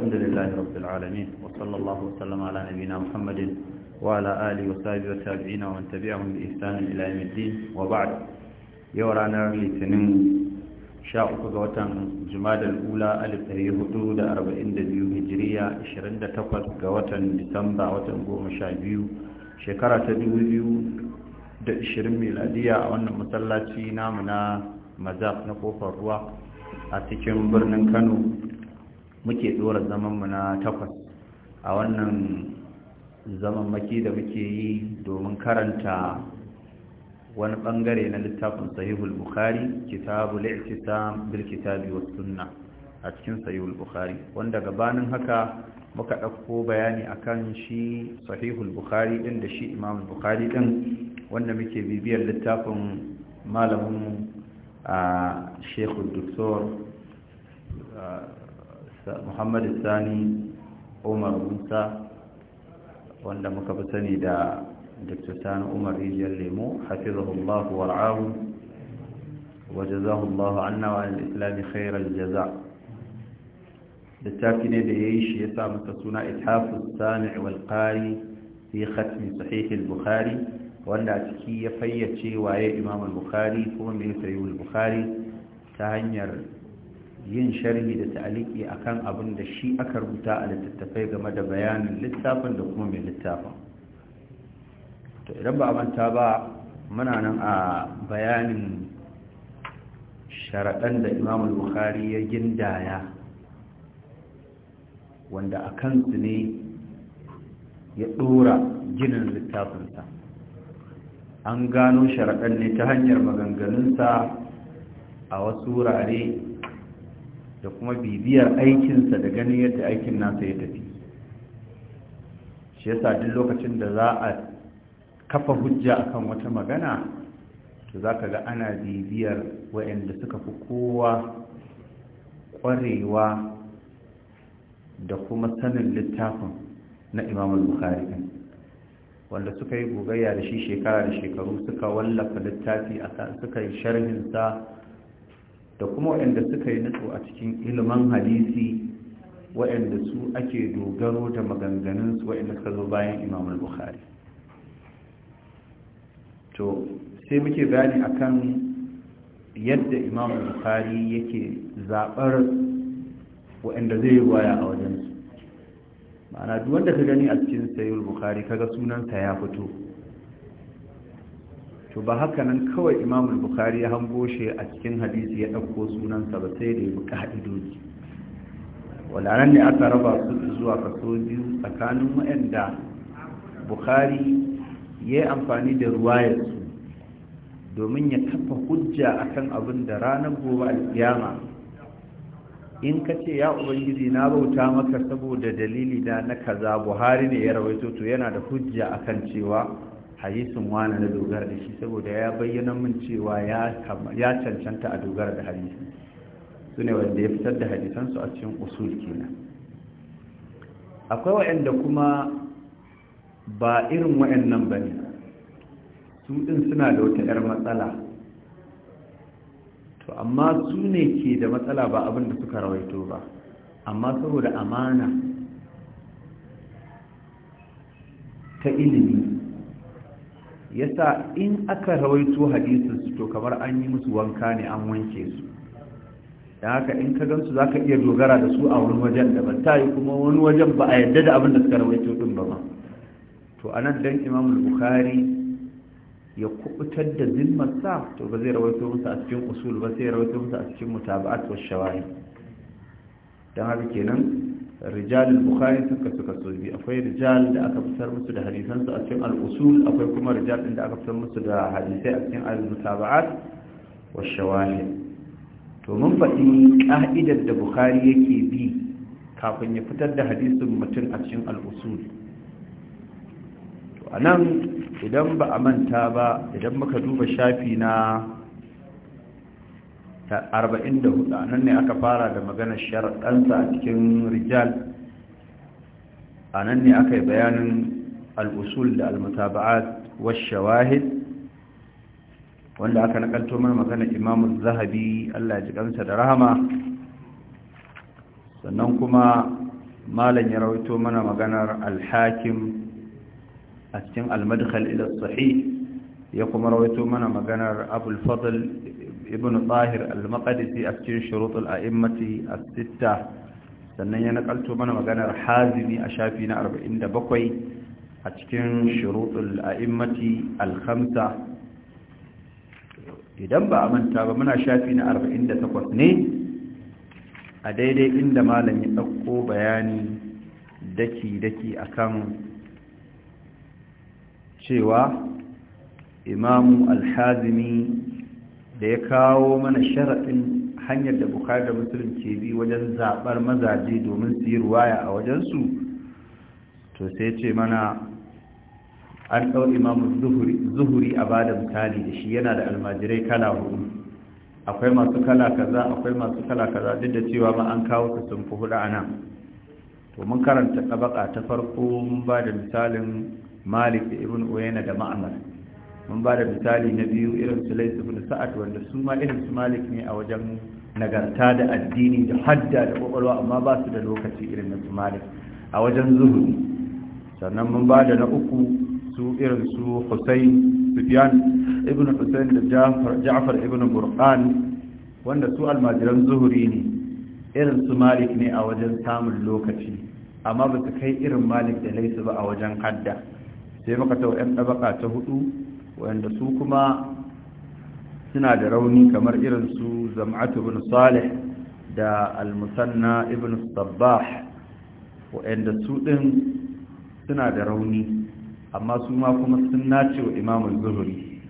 الحمد لله رب العالمين وصلى الله وسلم على نبينا محمد وعلى آله وصحبه وتابعين ومن تبعهم بإحسان إلى يوم الدين وبعد يورانا لتنم شاء قدوة جماد الأولى ألف هي حدود أربعين دبيو هجرية إشرين دتقل قوة ديسمبر وتنقوم شابيو شكرة دبيو da 20 miladiya a wannan masallaci namu na mazaf na kofar ruwa a cikin birnin kano muke dora zamanmu na takwas a wannan zaman maki da muke yi domin karanta wani bangare na littafin sahihul bukhari kitabul i'tisam bil kitabi was sunna a cikin sahihul bukhari wanda gabanin haka muka dauko bayani akan shi sahihul bukhari din da shi imam bukhari din wanda muke bibiyar littafin malamin a shekul doktor muhammad sani umar musa wanda muka fi sani da dr sani umar rijiyar lemo hafizahullahu war'ahu wa jazahullahu anna khairar jaza littafi ne da ya yi shi ya sa masa suna ithafus sani wal qari fi khatmi sahih bukhari wanda a ciki ya fayyace waye imam al-bukhari kuma mai yasa yi bukhari ta hanyar yin sharhi da ta'aliki akan abin da shi aka rubuta a littattafai game da bayanin littafin da kuma mai littafin to idan ba a manta ba muna nan a bayanin sharaɗan da imam bukhari ya gindaya wanda a kansu ne ya ɗora ginin littafinsa an gano sharaɗan ne ta hanyar maganganunsa a wasu wurare da kuma bibiyar aikinsa da ganin yadda aikin nasa ya tafi shi yasa duk lokacin da za a kafa hujja akan wata magana to za ka ga ana bibiyar wayanda suka fi kowa ƙwarewa da kuma sanin littafin na imamul bukhari wanda suka yi gogayya da shi shekara da shekaru suka wallafa littafi suka yi sharhinsa da kuma waɗanda suka yi nutsu a cikin ilimin hadisi waɗanda su ake dogaro da maganganunsu waɗanda suka zo bayan imamul bukhari to sai muke bayani akan yadda imamul bukhari yake zaɓar waɗanda zai yi waya a wajensu ma'ana duk wanda ka gani a cikin sayul bukhari kaga sunansa ya fito to ba haka nan kawai imamul bukhari ya hango shi a cikin hadisi ya ɗauko sunansa ba sai da ya bi ƙa'idoji walaran ne aka raba su zuwa kaso biyu tsakanin waɗanda bukhari ya yi amfani da ruwayarsu domin ya kafa hujja akan abin da ranar gobe alkiyama in ka ce ya ubangiji na bauta maka saboda dalili da na kaza buhari ne ya rawaito to yana da hujja akan cewa hadisin wani na dogara da shi saboda ya bayyana min cewa ya cancanta a dogara da hadisin su ne wanda ya fitar da hadisansu a cikin usul kenan akwai waɗanda kuma ba irin waɗannan ba ne su ɗin suna da wata 'yar matsala to amma su ne ke da matsala ba abin da suka rawaito ba amma saboda amana ta ilimi yasa in aka rawaito su to kamar an yi musu wanka ne an wanke su da haka in ka gansu za ka iya dogara da su a wani wajen da ban tayi kuma wani wajen ba a yadda da abin da suka rawaito din ba ma to anan dan imam bukhari ya kubutar da zimmar sa, to ba zai rawaito musu a cikin usul ba sai rawaito musu a cikin mutaba'at wa shawahi dan haka kenan rijal bukhari suka kasu kasu bi akwai rijal da aka fitar musu da hadisan a cikin al akwai kuma rijal din da aka fitar musu da hadisai a cikin al-mutaba'at wa shawahid to mun faɗi ƙa'idar da bukhari yake bi kafin ya fitar da hadisin mutum a cikin al-usul to anan idan ba a manta ba idan muka duba shafi na ta 44 nan ne aka fara da maganar sharaɗansa a cikin rijal a nan ne aka yi bayanin al'usul da al-mutaba'at washawahid wanda aka nakalto mana maganar imamun zahabi Allah ji kansa da rahama sannan kuma malam ya rawaito mana maganar al-hakim a cikin al-madkhal ila sahih ya kuma rawaito mana maganar abul fadl ibn tsahir al-maqadisi a cikin a immati a sitta sannan ya nakalto mana maganar hazimi a shafi na 47 a cikin shurutul a'immati al-khamsa idan ba a manta ba muna shafi na 48 ne a daidai inda malam ya ɗauko bayani daki-daki akan cewa imamu al-hazimi da ya kawo mana sharaɗin hanyar da bukari da musulun ke bi wajen zaɓar mazaje domin su yi ruwaya a wajensu to sai ce mana an ɗau imamu zuhuri a ba da misali da shi yana da almajirai kala hudu akwai masu kala kaza akwai masu kala kaza duk da cewa ma an kawo su sun fi hudu a nan to mun karanta tabaka ta farko mun ba da misalin malik da ibn uyana da ma'amar mun ba da misali na biyu irin su laisu bin sa'ad wanda su ma irin su malik ne a wajen nagarta da addini da hadda da kwakwalwa amma ba su da lokaci irin na su malik a wajen zuhuri sannan mun ba da na uku su irin su husain sufyan ibn husain da ja'far ibn burhan wanda su almajiran zuhuri ne irin su malik ne a wajen samun lokaci amma ba su kai irin malik da laisu ba a wajen hadda sai muka tau 'yan ɗabaka ta hudu wanda su kuma suna da rauni kamar irin su zam'atu ibn salih da al-musanna ibn sabbah wanda su din suna da rauni amma su ma kuma sun nace wa imam zuhri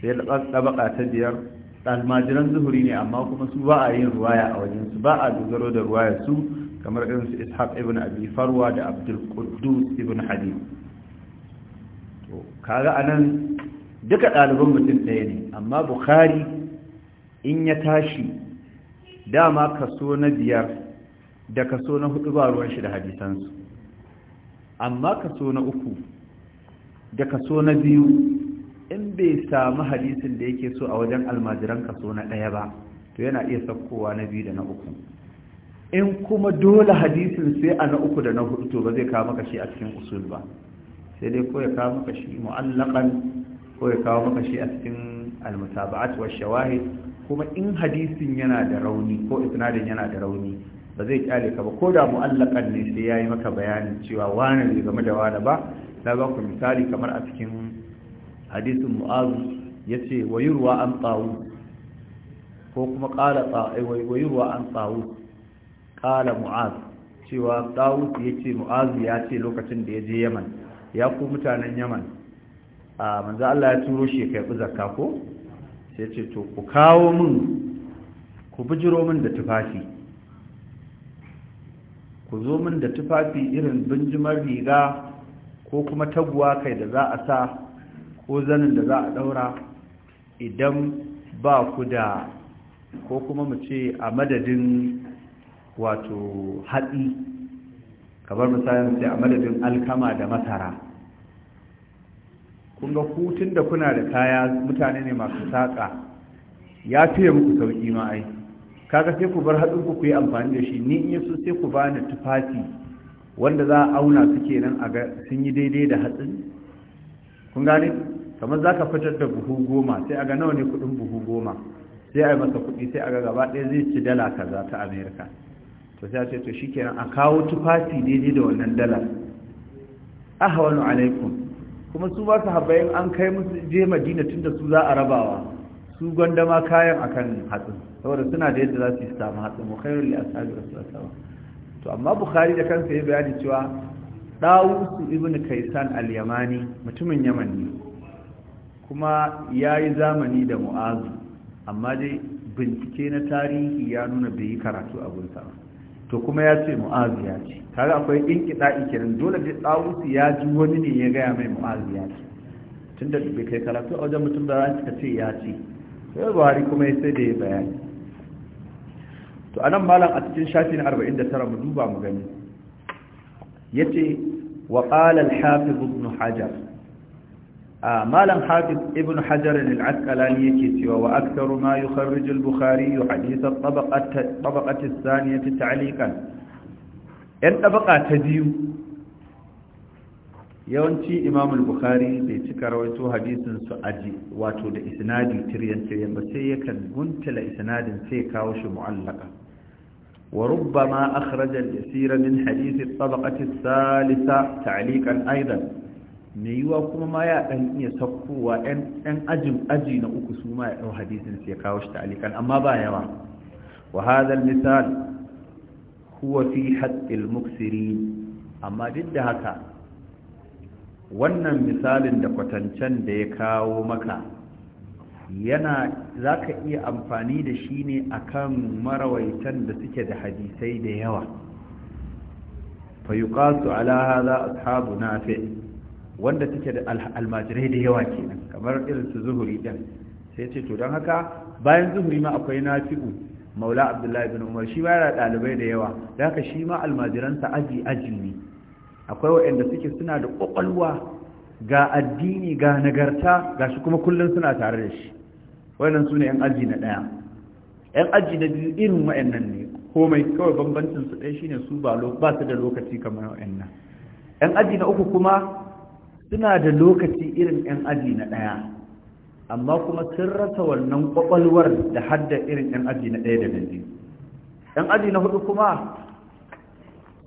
sai da tsabaka ta biyar almajiran zuhri ne amma kuma su ba a yin ruwaya a wajen su ba a dogaro da ruwaya su kamar irin su ishaq ibn abi farwa da abdul quddus ibn hadid to kaga anan duka ɗaliban mutum ɗaya ne amma bukhari in ya tashi dama kaso na biyar da kaso na hudu ba ruwan shi da hadisansu amma kaso na uku da kaso na biyu in bai samu hadisin da yake so a wajen almajiran kaso na ɗaya ba to yana iya saukowa na biyu da na uku in kuma dole hadisin sai a na uku da na hudu to ba zai kawo maka shi a cikin usul ba sai dai ko ya kawo maka shi mu'allakan ko ya kawo maka shi a cikin almusaba'at wa shawahid kuma in hadisin yana da rauni ko isnadin yana da rauni ba zai kyale ka ba ko da mu'allakan ne sai yayi maka bayanin cewa wani bai game da wani ba na ba ku misali kamar a cikin hadisin mu'azu yace wayurwa an tsawu ko kuma qala eh, wayurwa an tsawu qala mu'az cewa tsawu yace mu'azu ce lokacin da ya je Yaman ya ku mutanen Yaman a manzo Allah ya turo shi kai bi zakka ko sai ce to ku kawo min ku bijiro min da tufafi ku zo min da tufafi irin binjimar riga ko kuma taguwa kai da za a sa ko zanin da za a ɗaura idan ba ku da ko kuma mu ce a madadin wato hatsi kamar misalin sai a madadin alkama da masara kun ga kutun da kuna da kaya mutane ne masu saƙa ya fiye muku sauƙi ma ai kaga sai ku bar haɗin ku yi amfani da shi ni in so sai ku bani tufafi wanda za a auna su kenan a ga sun yi daidai da hatsin kun gane kamar za ka fitar da buhu goma sai a ga nawa ne kuɗin buhu goma sai a yi masa kuɗi sai a ga gaba ɗaya zai ci dala kaza ta amerika to sai a ce to shi kenan a kawo tufafi daidai da wannan dala ahawanu alaikum kuma su ba su habayin an kai musu je madina tunda su za a rabawa su gwandama kayan akan hatsin saboda suna da yadda za su samu hatsin mu da li ashabi rasulullah to amma bukhari da kansa ya bayani cewa dawusu ibnu kaisan al-yamani mutumin yaman ne kuma yi zamani da mu'azu amma dai bincike na tarihi ya nuna bai yi karatu abin sa ba to kuma ya ce mu'azu ya ce kaga akwai kida kenan dole da tsawusi ya ji wani ne ya gaya mai mu'azu ya ce tunda bai kai karatu a wajen mutum da ran ka ce ya ce sai buhari kuma ya sai da ya bayani to nan malam a cikin shafi na arba'in da tara mu duba mu gani yace wa qala al-hafiz ibn hajar malam hafiz ibn hajar al-asqalani yake cewa wa aktharu ma yukharrij al-bukhari hadith at-tabaqat tabaqat ath-thaniyah ta'liqan yan tabaqa ta biyu yawanci imam al-bukhari bai cika rawaito hadisin su aji wato da isnadi tiryan tiryan ba sai yakan guntala isnadin sai kawo shi mu'allaka wa rubbama akhraja al-yasira min hadith at-tabaqat ath-thalitha ta'liqan aidan mai yiwa kuma ma ya dan iya sakkowa ɗan ajin aji na uku su ma ya ɗau hadisin sai kawo shi ta'alikan amma ba yawa wa hadha misal huwa fi haqqil muksirin amma duk da haka wannan misalin da kwatancen da ya kawo maka yana za ka iya amfani da shi ne akan marawaitan da suke da hadisai da yawa fa yuqasu ala hadha ashabu nafi' wanda take da almajirai da yawa kenan kamar irin su zuhuri din sai ce to don haka bayan zuhuri ma akwai nafi'u maula abdullahi bin umar shi yana ɗalibai da yawa da haka shi ma almajiransa aji aji ne akwai waɗanda suke suna da ƙwaƙwalwa ga addini ga nagarta ga shi kuma kullum suna tare da shi wannan su ne 'yan aji na ɗaya 'yan aji na biyu irin waɗannan ne komai kawai bambancin su ɗaya shine su ba su da lokaci kamar waɗannan 'yan aji na uku kuma suna da lokaci irin 'yan aji na ɗaya amma kuma sun rasa wannan ƙwaƙwalwar da hadda irin 'yan aji na ɗaya da na biyu 'yan aji na hudu kuma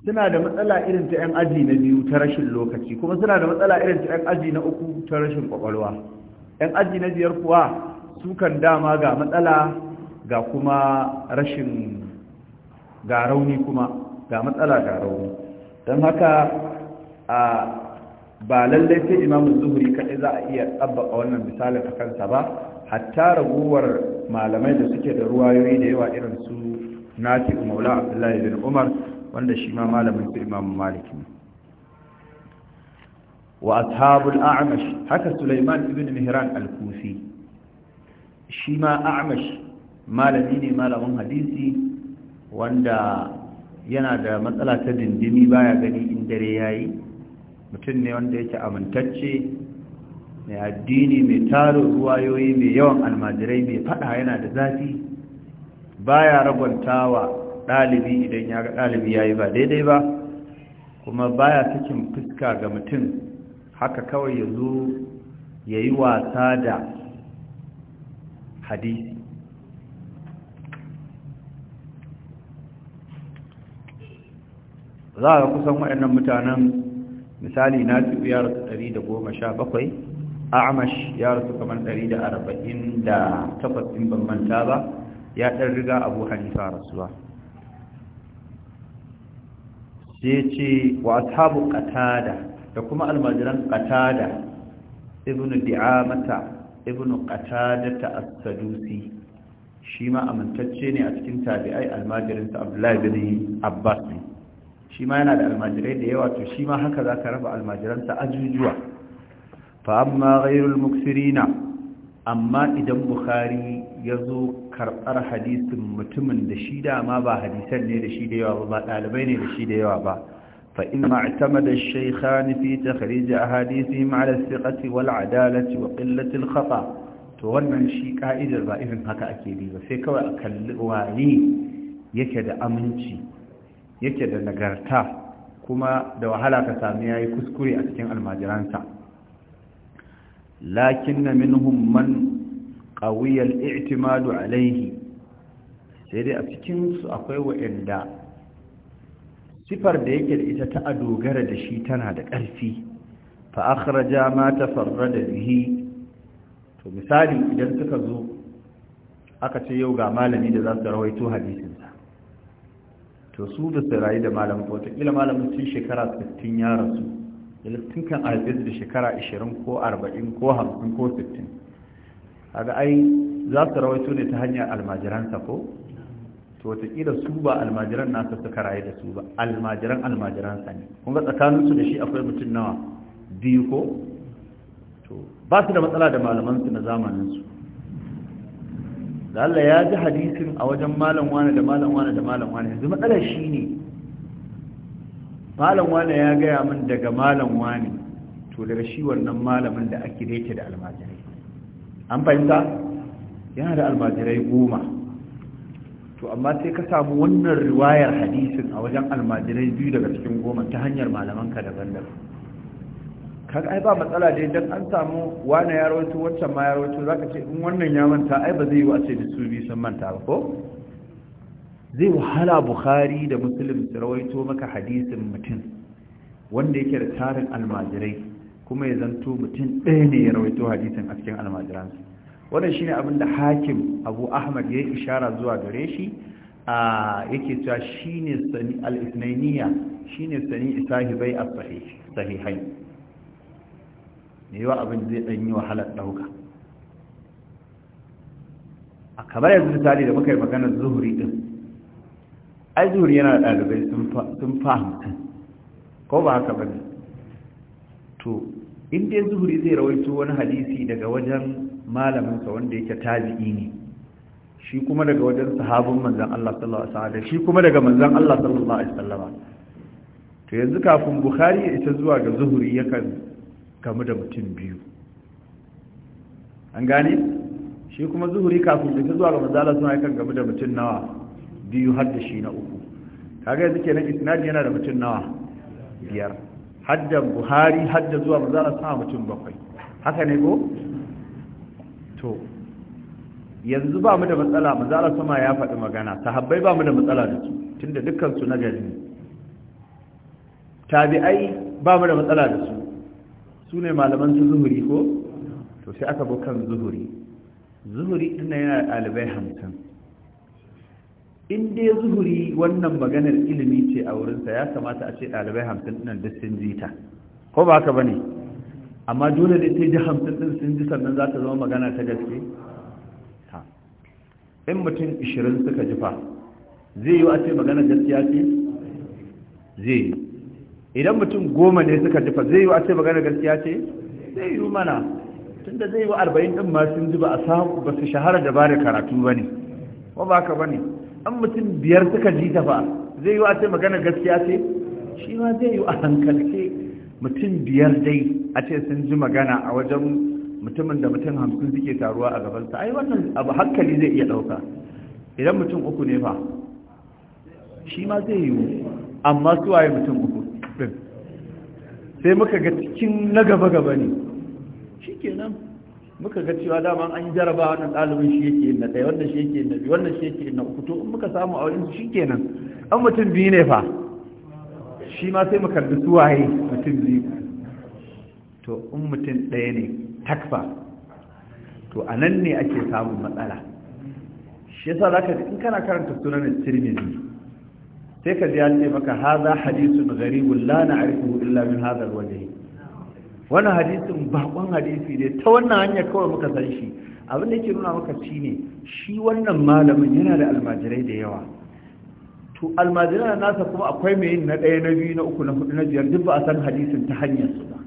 suna da matsala irin ta 'yan aji na biyu ta rashin lokaci kuma suna da matsala irin ta 'yan aji na uku ta rashin ƙwaƙwalwa 'yan aji na biyar kuwa sukan dama ga matsala ga kuma rashin ga rauni kuma ga matsala ga rauni don haka a ba lallai sai imamu zuhuri kaɗai za a iya tsabbaka wannan misalin a kansa ba hatta raguwar malamai da suke da ruwayoyi da yawa irin su nati maula abdullahi bin umar wanda shi ma malamin su imamu ne. wa ashabul a'mash haka sulaiman ibn mihran al-kufi shi ma a'mash malami ne malamin hadisi wanda yana da matsala ta dindimi baya gani in dare yayi mutum ne wanda yake amintacce mai addini mai taro ruwayoyi mai yawan almajirai mai fada yana da zafi baya ragwantawa dalibi idan ya ga dalibi ya yi ba daidai ba kuma baya cikin fuska ga mutum haka kawai ya zo ya yi wasa da hadisi za a kusan waɗannan mutanen misali na nafi'u ya rasu 117 amash ya rasu kamar takwas din ban manta ba ya ɗan riga abu hanifa rasuwa sai ce wa ashabu qatada da kuma almajiran qatada ibnu di'amata ibnu qatada ta asadusi shi ma amintacce ne a cikin tabi'ai almajirinsa abdullahi bin abbas ne shima yana da almajirai da yawa to shi haka za ka raba almajiransa ajujuwa fa amma ghairul muksirina amma idan bukhari ya zo karɓar hadisin mutumin da shi dama ba hadisan ne da shi da yawa ba ɗalibai ne da shi da yawa ba fa in ma'tamada ash-shaykhan fi takhrij ahadithihim 'ala as-siqati wal 'adalati wa qillati al-khata to wannan shi ka'idar ba irin haka ake bi ba sai kawai a kalli waye yake da aminci yake da nagarta kuma da wahala ka sami yayi kuskure a cikin almajiransa lakinna minhum man ƙawiyar al-i'timadu alaihi, sai dai a cikin su akwai wa'anda sifar da yake da ita ta dogara da shi tana da ƙarfi fa akhraja ma tafarrada bihi to misali idan suka zo aka ce yau ga malami da za su rawaito hadisin to su da su rayu da malam bauta kila malamin sun shekara 60 ya rasu tun kan alfis da shekara 20 ko 40 ko 50 ko 60 kaga ai za su rawaito ne ta hanyar almajiransa ko to wataƙila su ba almajiran nasa suka rayu da su ba almajiran almajiransa ne kun ga tsakaninsu da shi akwai mutum nawa biyu ko to ba su da matsala da malamansu na zamaninsu da Allah ya ji hadisin a wajen malam wane da malam wane da malam wane yanzu matsalar shi ne malam wane ya gaya min daga malam wane to daga shi wannan malamin da ake da da almajirai an fahimta yana da almajirai goma to amma sai ka samu wannan riwayar hadisin a wajen almajirai biyu daga cikin goma ta hanyar malamanka daban-daban kaga ai ba matsala dai dan an samu wani ya rawaito wancan ma ya rawaito zaka ce in wannan ya manta ai ba zai yi wace da su bi sun manta ba ko zai wahala bukhari da muslim su rawaito maka hadisin mutum wanda yake da tarin almajirai kuma ya zanto mutum ɗaya ne ya rawaito hadisin a cikin almajiransu wannan shine abin da hakim abu ahmad ya yi ishara zuwa gare shi a yake cewa shine sani al-isnainiya shine sani isahibai as-sahihai da yawa abin zai ɗan yi wahalar ɗauka a kamar yanzu misali da muka yi maganar zuhuri ɗin ai zuhuri yana da ɗalibai sun fahimta ko ba haka bane to in dai zuhuri zai rawaito wani hadisi daga wajen malaminsa wanda yake tabi'i ne shi kuma daga wajen sahabin manzan Allah sallallahu alaihi wasallam shi kuma daga manzan Allah sallallahu alaihi wasallam to yanzu kafin bukhari ya isa zuwa ga zuhuri yakan kamu da mutum biyu an gane shi kuma zuhuri kafin fita zuwa ga mazala suna yakan gamu da mutum nawa biyu har da shi na uku kaga yanzu nan isnadi yana da mutum nawa biyar har da buhari har da zuwa mazala suna mutum bakwai haka ne ko to yanzu ba mu da matsala mazala sama ya faɗi magana sahabbai ba mu da matsala da su tunda dukkan su na gari ne tabi'ai ba mu da matsala da su su ne malaman su zuhuri ko to sai aka bo kan zuhuri zuhuri ina yana ɗalibai hamsin in dai zuhuri wannan maganar ilimi ce a wurinsa ya kamata a ce ɗalibai hamsin ɗinan duk sun ji ta ko ba haka ba ne amma dole da sai ji hamsin ɗin sun ji sannan za ta zama magana ta gaske in mutum ishirin suka ji fa zai yi a ce magana gaskiya ce zai yi idan mutum goma ne suka jifa zai yi a ce magana gaskiya ce zai yi mana tunda zai yi wa arba'in ɗin ma sun ji ba a samu ba su shahara da bare karatu ba ne ko ba ka ba ne an mutum biyar suka ji ta fa zai yi a ce magana gaskiya ce shi ma zai yi a hankalce mutum biyar dai a ce sun ji magana a wajen mutumin da mutum hamsin suke taruwa a gabansa ai wannan abu hankali zai iya ɗauka idan mutum uku ne fa shi ma zai yiwu amma su waye mutum uku din sai muka ga cikin na gaba-gaba ne shi kenan muka ga cewa dama an jaraba wannan ɗalibin shi yake na ɗaya wannan shi yake na biyu wannan shi yake na uku to in muka samu auren shi kenan an mutum biyu ne fa shi ma sai mu kalli su waye mutum biyu to in mutum ɗaya ne takfa to a nan ne ake samun matsala shi yasa zaka in kana karanta sunanin tirmidhi sai ka ji an ce maka haza hadisun garibun la arifu illa min hazar waje wannan hadisin bakon hadisi ne ta wannan hanyar kawai muka san shi abin da yake nuna maka shi ne, shi wannan malamin yana da almajirai da yawa to almajirai na nasa kuma akwai mai yin na ɗaya na biyu na uku na hudu na biyar duk ba a san hadisin ta hanyar su ba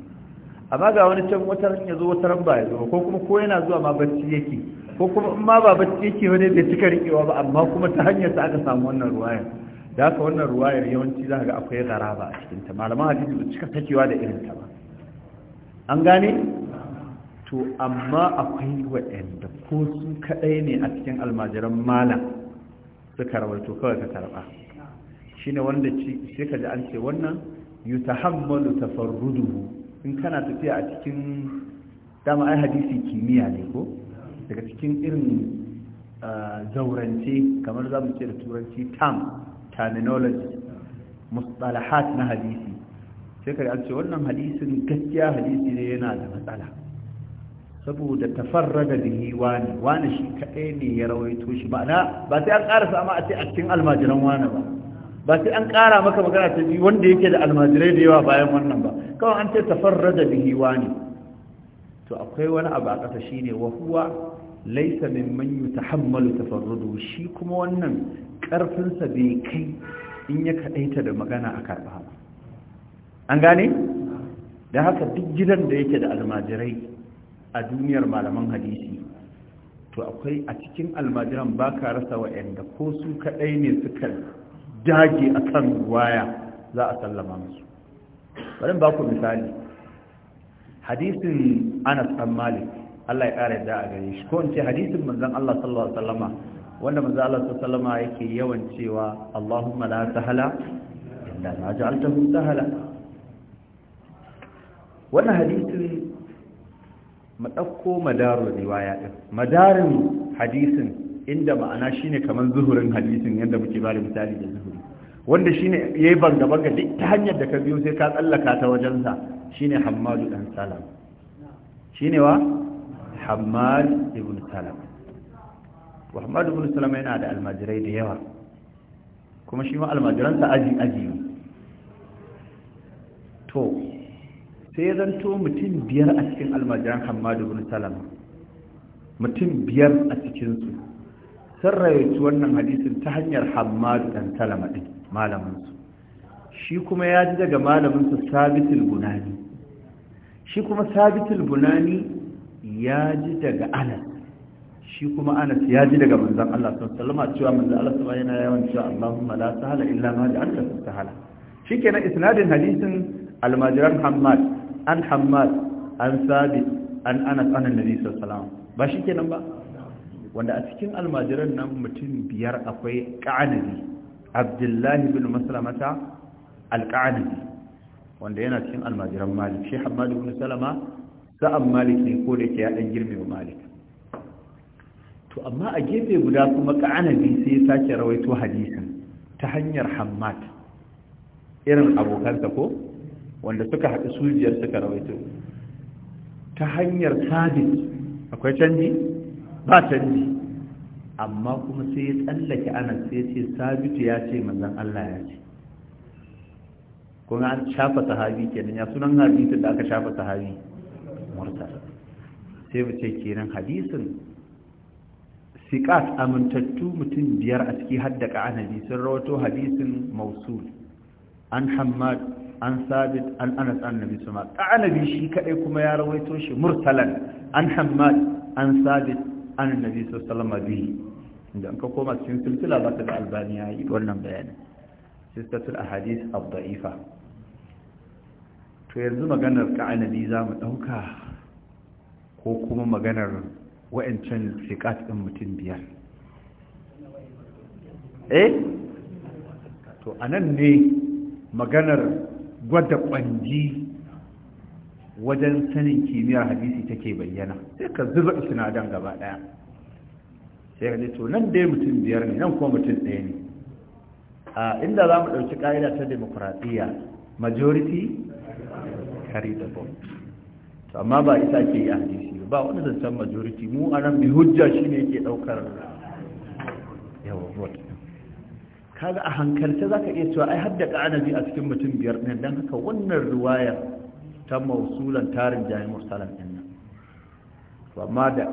amma ga wani can wata ran ya zo wata ran ba ya zo ko kuma ko yana zuwa ma bacci yake ko kuma in ma ba bacci yake wani bai cika rikewa ba amma kuma ta hanyar sa aka samu wannan ruwayar da haka wannan ruwayar yawanci za ga akwai garaba a cikinta malaman hadisi ba cika takewa da irinta ba an gane to amma akwai waɗanda ko su kaɗai ne a cikin almajiran malam suka rawaito kawai ka karɓa shi ne wanda sai ka ji an ce wannan yutahammalu tafarruduhu in kana tafiya a cikin dama ai hadisi kimiyya ne ko daga cikin irin ah, zaurance kamar za mu ce da turanci tam terminology mustalahat na hadisi sai an ce wannan hadisin gaskiya hadisi ne yana da matsala saboda tafarraga bihi wani wani shi kaɗai ne ya rawaito shi ba ba sai an ƙara sama a ce a cikin almajiran wani ba ba sai an ƙara maka magana ta biyu wanda yake da almajirai da yawa bayan wannan ba kawai an ce tafarraga bihi wani to akwai wani abu a ƙasa shine wahuwa laisa man yutahammalu tafarrudu shi kuma wannan karfinsa bai kai in ya kadaita da magana a karba an gane da haka duk gidan da yake da almajirai a duniyar malaman hadisi to akwai a cikin almajiran baka rasa wa'anda ko su kadai ne suka dage a kan waya za a sallama musu bari ba ku misali hadisin anas an malik Allah ya ƙara yadda a gare shi ko in ce hadisin manzon Allah sallallahu alaihi wasallama wanda manzon Allah sallallahu alaihi wasallama yake yawan cewa Allahumma la sahala illa ma ja'altahu sahala wannan hadisin mu dauko madarin riwaya din madarin hadisin inda ma'ana shine kaman zuhurin hadisin yanda muke bada misali da zuhuri wanda shine yayi banga banga duk ta hanyar da ka biyo sai ka tsallaka ta wajensa shine Hammadu dan Salam shine wa hamad ibn salama hamad ibn salama yana da almajirai da yawa kuma shi ma almajiransa aji aji to sai zanto mutum biyar a cikin almajiran hamad ibn salama mutum biyar a cikinsu sun rayuci wannan hadisin ta hanyar hamad dan salama ɗin malaminsu shi kuma ya ji daga malaminsu sabitul bunani shi kuma sabitul bunani ya ji daga anas shi kuma anas ya ji daga manzan Allah sallama cewa manzan Allah sallama yana yawan cewa Allahumma la sahala illa ma ja'alta sahala shikenan isnadin hadisin almajiran Hammad an Hammad an Sabit an Anas an Annabi sallallahu alaihi wasallam ba shikenan ba wanda a cikin almajiran nan mutum biyar akwai ƙa'anabi abdullahi bin maslamata alƙa'anabi wanda yana cikin almajiran malik shi hamadu bin salama sa'an malik ne ko da ke ya girme wa malik to amma a gefe guda kuma ka'anabi sai ya sake rawaito hadisin ta hanyar hammat irin abokansa ko wanda suka haɗu sujiyar suka rawaito ta hanyar sabit akwai canji ba canji amma kuma sai ya tsallake anas sai ce sabitu ya ce manzan Allah ya ce kuma an shafa sahabi kenan ya sunan hadisi da aka shafa sahabi mursal sai mu ce kenan hadisin siqat amintattu mutum biyar a ciki haddaka anabi sun rawato hadisin mausul an hammad an sabit an anas annabi suma anabi shi kadai kuma ya rawaito shi murtalan an hammad an sabit an annabi sallallahu alaihi wasallam idan ka koma cikin silsila za ka ga albani ya yi wannan bayanin sistatul ahadith ad to yanzu maganar ka'anabi za mu ɗauka. ko kuma maganar wa'ancan sikat ɗin mutum biyar eh to a nan ne maganar gwada ƙwanji wajen sanin kimiyyar hadisi take bayyana sai ka zuba sinadan gaba ɗaya sai ka to nan dai mutum biyar ne nan kuma mutum ɗaya ne a inda za mu ɗauki ƙa'ida ta demokuraɗiyya majority carry the vote amma ba isa ke yi a hadisi ba wani zancen majority mu a nan mai hujja shi ne ke ɗaukar yawon vote kaga a hankalce za ka iya cewa ai hadda ka'anabi a cikin mutum biyar ɗin don haka wannan ruwayar ta mausulan tarin jami'ar mursalan ɗin nan amma da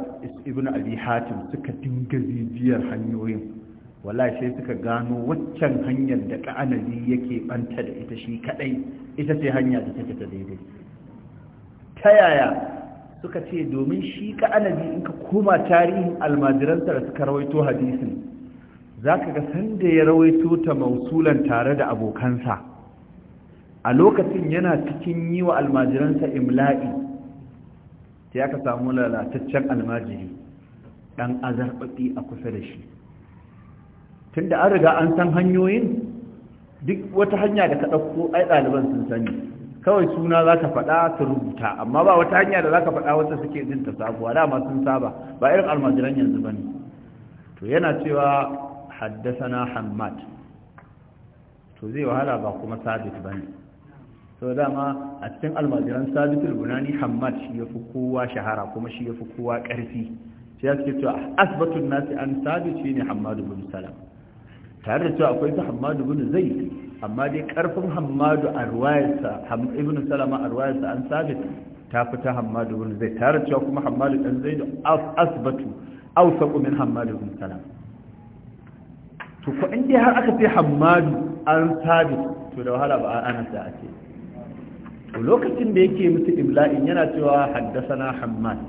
ibn abi hatim suka dinga zijiyar hanyoyin wallahi sai suka gano waccan hanyar da ka'anabi yake banta da ita shi kaɗai ita ce hanya da take ta daidai ta yaya suka ce domin shi ka anabi in ka koma tarihin almajiranta da suka rawaito hadisin za ka ga sanda ya rawaito ta mausulan tare da abokansa a lokacin yana cikin yi wa almajiransa imla'i ta ya samu lalataccen almajiri ɗan azarbaɓi a kusa da shi Tunda an riga an san hanyoyin duk wata hanya da ka ɗauko ai ɗaliban sun sani kawai suna za ka faɗa ta rubuta amma ba wata hanya da za ka faɗa wata suke jin ta sabuwa dama sun saba ba irin almajiran yanzu ba ne to yana cewa haddasana Hamad, to zai wahala ba kuma sabit ba ne sau dama a cikin almajiran sabit bunani Hamad shi ya fi kowa shahara kuma shi ya fi kowa ƙarfi sai ya suke cewa asibitin nasi an sabit shi ne Hamadu bin salam tare da cewa akwai ta Hamadu bin zai. amma dai karfin hammadu a ruwayarsa ibn salama a ruwayarsa an sabit ta fita hammadu bin zai tare cewa kuma hammadu dan zai asbatu saqu min hammadu bin salama to ko in dai har aka ce hammadu an sabit to da wahala ba ana sa ce to lokacin da yake musu imla'in yana cewa haddasana hammad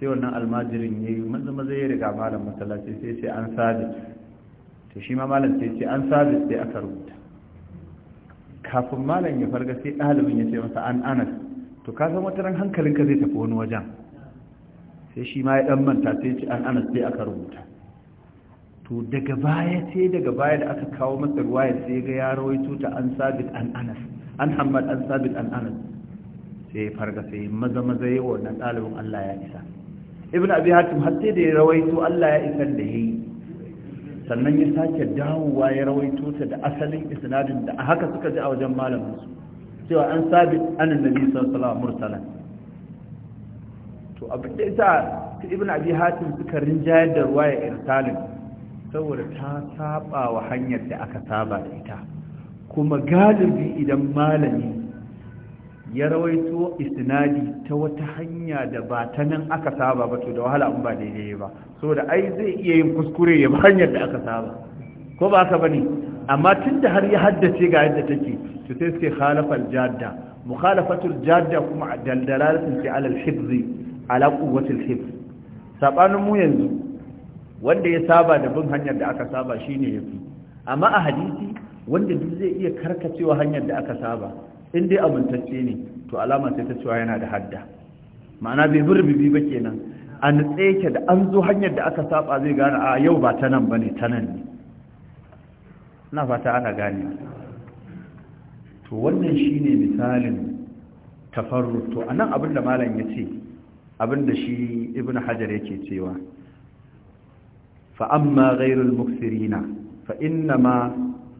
sai wannan almajirin yayi manzo maza ya riga malam masallaci sai sai an sabit to shi ma malam sai sai an sabit sai aka rubuta kafin malam ya farga sai ɗalibin ya ce masa an anas to ka san wata ran hankalinka zai tafi wani wajen sai shi ma ya ɗan manta sai ce an anas sai aka rubuta to daga baya sai daga baya da aka kawo masa ruwaya sai ga ya rawaito ta an sabit an anas an hamad an sabit an anas sai farga sai maza maza yayi wannan ɗalibin Allah ya isa ibn abi hatim har sai da ya rawaito Allah ya isa da ya yi. sannan ya sake dawowa ya rawaito ta da asalin isnadin da haka suka ji a wajen malamin su cewa an sabit anan nabi sallallahu alaihi wasallam to abin da yasa ibn abi hatim suka rinjayar da ruwaya irsalin saboda ta saba wa hanyar da aka saba da ita kuma galibi idan malami ya rawaito istinadi ta wata hanya da ba ta nan aka saba ba to da wahala in ba daidai ba saboda ai zai iya yin kuskure ya ba hanyar da aka saba ko ba haka bane amma tunda har ya haddace ga yadda take to sai suke khalafal jadda mukhalafatul jadda kuma sun fi alal hifz ala quwwatil hifz sabanin mu yanzu wanda ya saba da bin hanyar da aka saba shine yafi amma a hadisi wanda duk zai iya karkacewa hanyar da aka saba in dai amintacce ne to alama sai ta cewa yana da hadda ma'ana bai bibi ba kenan a nutse da an zo hanyar da aka saba zai gane a yau ba ta nan bane ta nan ne na fata ana gane to wannan shine misalin tafarrut to anan abin da malam ya ce abin da shi ibnu hajar yake cewa fa amma ghairul muksirina fa inna ma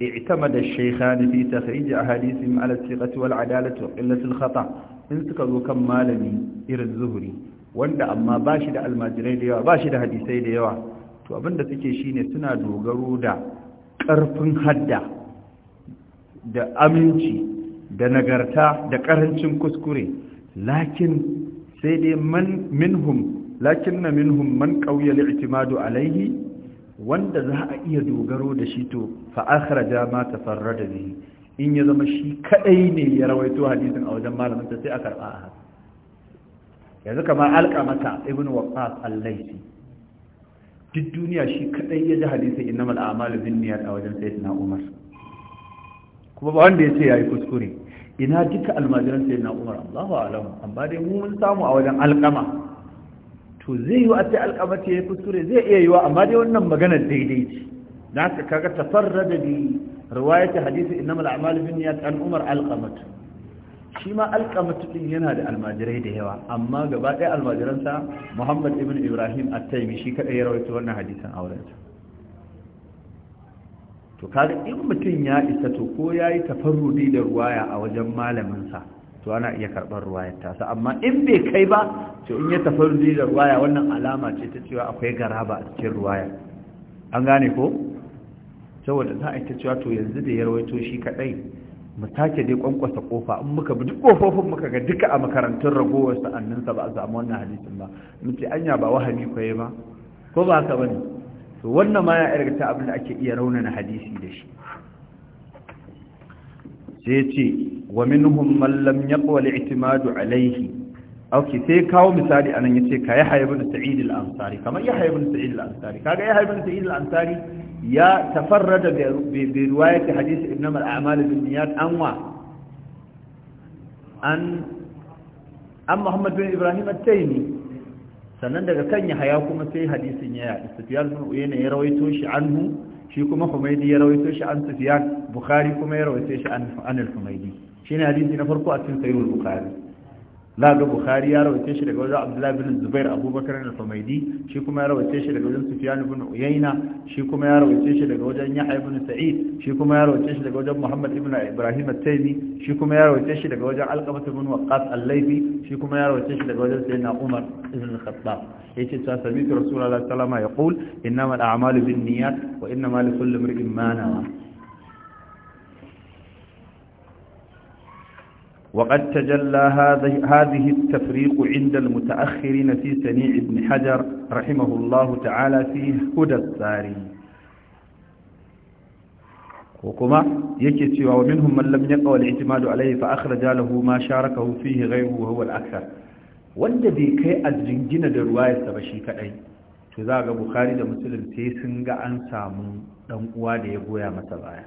اعتمد الشيخان في تخريج أحاديثهم على الثقة والعدالة وقلة الخطأ إن سكذوا كم مالني إر الزهري وند أما باشد المجرين ليوا باشد حديثي ليوا to abinda suke shine suna dogaro da ƙarfin hadda da aminci da nagarta da ƙarancin kuskure lakin sai dai man minhum lakin na man ƙauye alaihi wanda za a iya dogaro da shi to fa akhraja ma tafarrada bihi in ya zama shi kadai ne ya rawaito hadisin a wajen malamin sai a karba a yanzu kamar alqamata ibnu waqas al-laythi duk duniya shi kadai ya ji hadisin innamal a'malu binniyat a wajen sayyidina umar kuma ba wanda ya ce yayi kuskure ina duka almajiran sayyidina umar Allahu a'lam amma dai mu mun samu a wajen alqama to zai yi wa ta alƙamata ya yi kuskure zai iya yi wa amma dai wannan maganar daidai ce na ka kaga tafarra da bi riwayat hadisi innama al'amal bin ya an umar alƙamat shi ma alƙamat din yana da almajirai da yawa amma gaba ɗaya almajiransa muhammad ibn ibrahim at taymi shi kaɗai ya rawaito wannan hadisin aurensa to kaga in mutum ya isa to ko yayi tafarrudi da ruwaya a wajen malamin to ana iya karɓar ruwayar tasa amma in bai kai ba to in ya tafi da ruwaya wannan alama ce ta cewa akwai garaba a cikin ruwaya an gane ko saboda za a ita cewa to yanzu da ya rawaito shi kaɗai mu take dai kwankwasa kofa in muka bi duk kofofin muka ga duka a makarantar ragowar sa'anninsa ba a samu wannan hadisin ba mu ce anya ba wahami kwaye ba ko ba haka bane to wannan ma ya irgata abin da ake iya raunana hadisi da shi sai ce wa minhum man lam yaqwa al-i'timadu alayhi auki sai kawo misali anan ce ka yahya ibn sa'id al-ansari kamar ya ibn sa'id al-ansari kaga ya ibn sa'id al-ansari ya tafarrada bi riwayati hadith ibn al-a'mal bin-niyyat an wa an Muhammad bin Ibrahim at-Taymi sannan daga kan Yahaya kuma sai hadisin ya yaɗu Sufyan bin Uyayna ya rawaito shi anhu shi kuma Humaydi ya rawaito shi an Sufyan Bukhari kuma ya rawaito shi an an al-Humaydi shine hadisi na farko a cikin sahihul bukhari la ga bukhari ya rawace shi daga wajen abdullahi bin zubair abubakar al samaidi shi kuma ya rawace shi daga wajen sufyan bin uyayna shi kuma ya rawace shi daga wajen yahya bin sa'id shi kuma ya rawace shi daga wajen muhammad ibn ibrahim at-taymi shi kuma ya rawace shi daga wajen alqamah ibn waqqas al-laythi shi kuma ya rawace shi daga wajen sayyidina umar ibn al-khattab yace ta sabitu rasulullahi sallallahu alaihi wasallam yaqul innamal a'malu binniyat wa innamal likulli imrin ma nawa وقد تجلى هذه التفريق عند المتأخرين في سنيع بن حجر رحمه الله تعالى في هدى الساري وكما يكتوى ومنهم من لم يقوى الاعتماد عليه فأخرج له ما شاركه فيه غيره وهو الأكثر والذي كي أزنجن درواية سبشيك أي تذاق بخاري دا مسلم سيسنغ أن سامو دمقوا ديبويا مثلا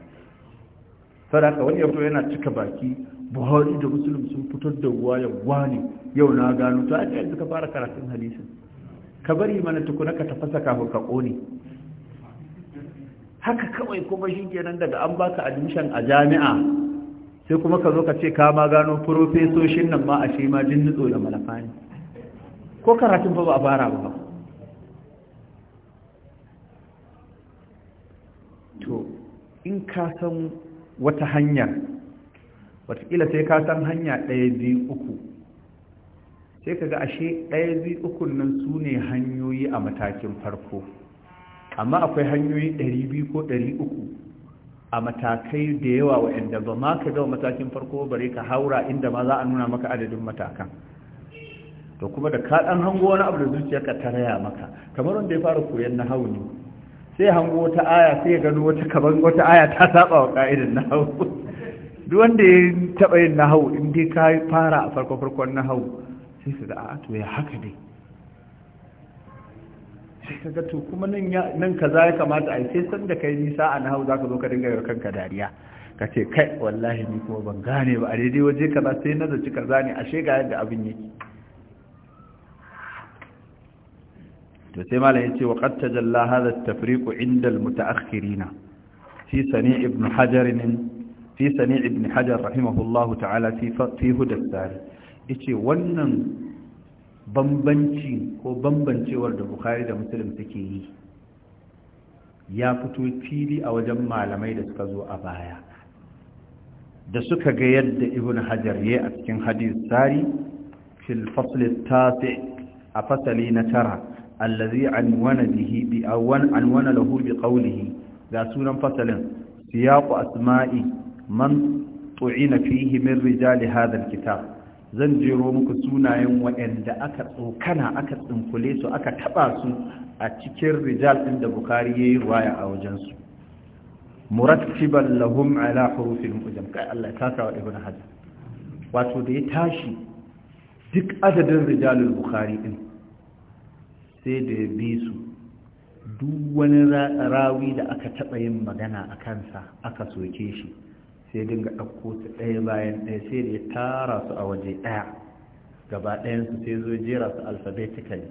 فذاك وليبتو هنا تكباكي buhari da musulun sun fitar da ruwayar wani yau na gano ta ajiyar suka fara karatun hadisin ka bari mana tukuna ka tafasa kafin ka kone haka kawai kuma shi kenan daga an baka admission a jami'a sai kuma ka zo ka ce ka ma gano profesoshin nan ma a shi ma jin nutso da malafa ne ko karatun ba ba a fara ba to in ka san wata hanyar wataƙila sai ka san hanya ɗaya biyu uku sai ka ga ashe ɗaya biyu uku nan su ne hanyoyi a matakin farko amma akwai hanyoyi ɗari biyu ko ɗari uku a matakai da yawa waɗanda ba ma ka zama matakin farko bare ka haura inda ma za a nuna maka adadin matakan to kuma da ka ɗan hango wani abu da zuciyarka ta raya maka kamar wanda ya fara koyon na hauni sai hango wata aya sai ya gano wata kaman wata aya ta saba wa ka'idan na hauni duk wanda ya taɓa yin nahau in dai ka fara a farko-farkon nahau sai su da a ah, to ya haka dai sai ka gato kuma nan za ya kamata a yi sai sanda ka kai nisa a nahau za ka zo ka dinga yarkan ka dariya ka ce kai wallahi ni kuma ban gane ba a daidai waje ka kaza sai na zaci kaza ne ashe ga yadda abin yake to sai malam ya ce wa qad tajalla hadha at-tafriq 'inda al-muta'akhkhirina fi sani' ibn hajar fi sani ibn hajar rahimahullahu ta'ala fi tsari. yace wannan bambanci ko bambancewar da bukari da musulun suke yi ya fito fili a wajen malamai da suka zo a baya da suka ga yadda ibn hajar ya a cikin hadis sari fil fasli tasi a fasali na tara allazi anwana bihi bi awwan anwana lahu bi qawlihi ga sunan fasalin siyaqu asma'i man tu'ina fihi min rijali hadha alkitab zan jero muku sunayen waɗanda aka tsokana aka tsinkule su aka taba su a cikin rijal din da bukari yayi ruwaya a wajen su murattiban lahum ala hurufil mujam kai Allah ya taka wa ibn hajar wato da ya tashi duk adadin rijalul bukhari din sai da ya bi su duk wani rawi da aka taɓa yin magana a kansa aka soke shi sai dinga ɗauko su ɗaya bayan ɗaya sai da ya tara su a waje ɗaya gaba ɗayansu sai zo jera su alfabetikal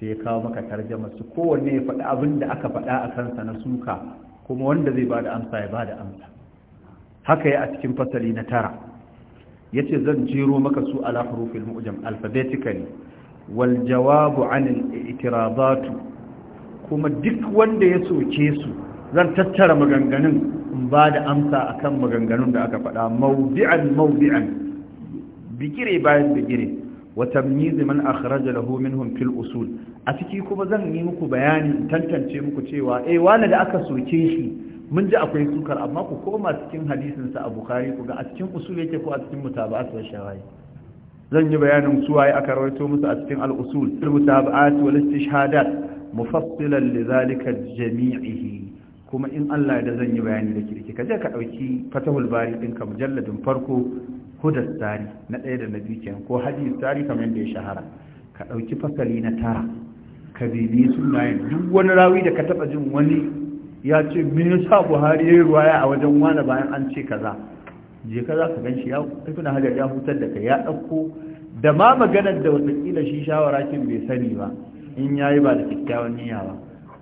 sai ya kawo maka tarjama su kowanne ya faɗi abin da aka faɗa a kansa na suka kuma wanda zai ba da amsa ya bada amsa haka ya a cikin fasali na tara ya ce zan jero maka su ala hurufin mu'jam alfabetikal wal jawabu anil itirabatu kuma duk wanda ya soke su zan tattara maganganun in ba da amsa akan maganganun da aka faɗa mawdi'an mawdi'an bigire bayan bigire wa tamyiz man akhraja da minhum fil usul a ciki kuma zan yi muku bayani tantance muku cewa e eh, wani da aka soke shi mun ji akwai sukar amma ku koma cikin hadisin sa a bukari ku ga a cikin usul yake ko a cikin mutaba'at wa shawahi zan yi bayanin waye aka rawaito musu a cikin al-usul al-mutaba'at wal istishhadat mufassilan li dhalika jami'ihi kuma in Allah da zan yi bayani da kirki ka je ka ɗauki fatahul bari ka mujalladin farko hudas tsari na ɗaya da na biyu kenan ko hadis tsari kamar yadda ya shahara ka ɗauki fasali na tara ka bibi sunayen duk wani rawi da ka taɓa jin wani ya ce me yasa Buhari yayi ruwaya a wajen wani bayan an ce kaza je kaza ka gan shi ya ibn hajar ya hutar da kai ya ɗauko da ma maganar da kila shi shawara kin bai sani ba in yayi ba da kyakkyawan niyya ba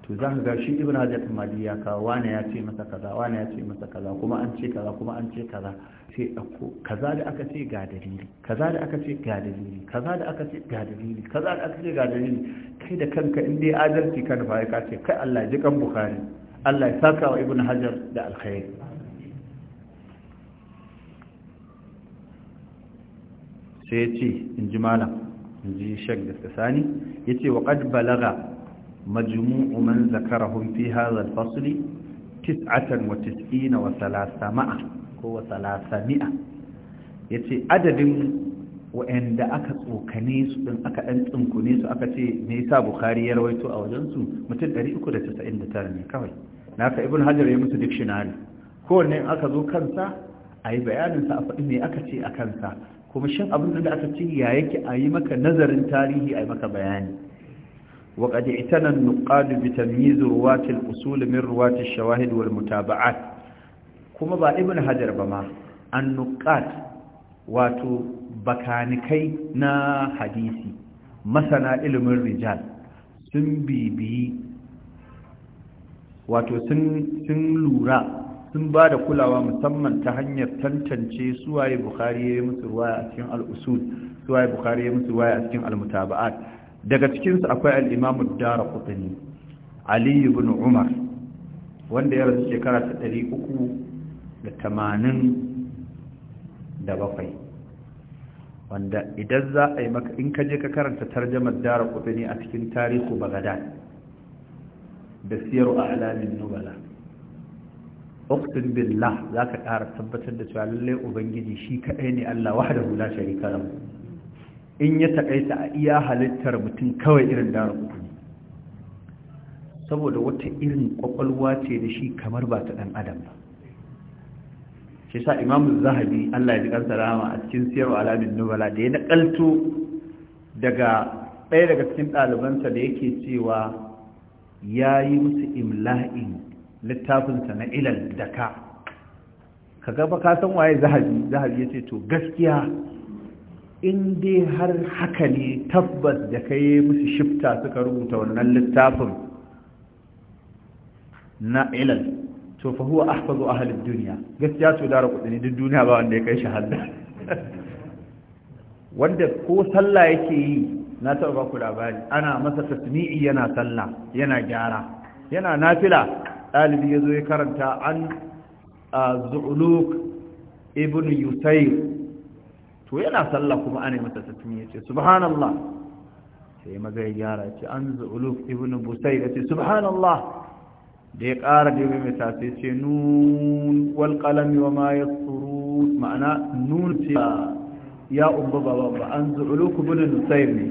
to za ka ga shi ibn hajar madi ya kawo wane ya ce masa kaza wane ya ce masa kaza kuma an ce kaza kuma an ce kaza sai ɗauko kaza da aka ce ga dalili kaza da aka ce ga dalili kaza da aka ce ga dalili kaza da aka ce ga dalili kai da kanka in dai adalci ka nufa ka ce kai Allah ji kan bukhari Allah ya saka wa ibn hajar da alkhairi sai ya ce in ji malam in ji shan da sani ya ce wa qad balaga majmu'u man zakarahum fi hadha al-fasl 99 wa 300 ko wa 300 yace adadin wa'anda aka tsokane su din aka dan tsinkune su aka ce me yasa bukhari ya rawaito a wajen su mutum 399 ne kawai naka ibn hajar ya musu dictionary kowanne aka zo kansa a yi bayaninsa a faɗi me aka ce a kansa kuma shin abin da aka ce ya yake a yi maka nazarin tarihi a maka bayani وقد اعتنى النقاد بتمييز رواة الأصول من رواة الشواهد والمتابعات كما با ابن حجر بما النقاد واتو بكانكي نا حديثي مثلا علم الرجال سن بي واتو سن سن لورا sun ba da kulawa musamman ta hanyar tantance suwaye bukari ya yi musu ruwaya a cikin al'usul suwaye bukari ya yi musu ruwaya a cikin al daga cikinsu akwai al'imamu dara kutani aliyu bin umar wanda ya rasu shekara ta ɗari uku tamanin da bakwai wanda idan za a yi maka in ka je ka karanta tarjamar dara kutani a cikin tarihu bagadad da siyar a alamin nubala uqtin billah za ka ƙara tabbatar da cewa lallai ubangiji shi kaɗai ne allah wahada hula shari'a lahu in ya taƙaita a iya halittar mutum kawai irin dara uku saboda wata irin ƙwaƙwalwa ce da shi kamar ba ta ɗan adam ba shi sa imamu zahabi allah ya ji kansa rama a cikin siyarwa alamin nubala da ya naƙalto daga ɗaya daga cikin ɗalibansa da yake cewa ya yi musu imla'in littafinsa na ilal da ka ka gaba ka san waye zahabi zahabi ya ce to gaskiya in dai har haka ne tabbas da ka yi musu shifta suka rubuta wannan littafin na ilal to fa huwa ahfazu ahli duniya. gaskiya to dara ne duk duniya ba wanda ya kai shi wanda ko sallah yake yi na taɓa ba ku labari ana masa tasmi'i yana sallah yana gyara yana nafila ɗalibi yazo ya karanta an zu'uluk ibn yusayr to yana sallah kuma ana masa tasmi ya ce subhanallah sai maza ya gyara ce an zuluf ibn busai ya ce subhanallah da ya ƙara da mai tafi ce nun wal qalami wa ma yasurun ma'ana nun ce ya umma baba ba an uluf ibn nusayr ne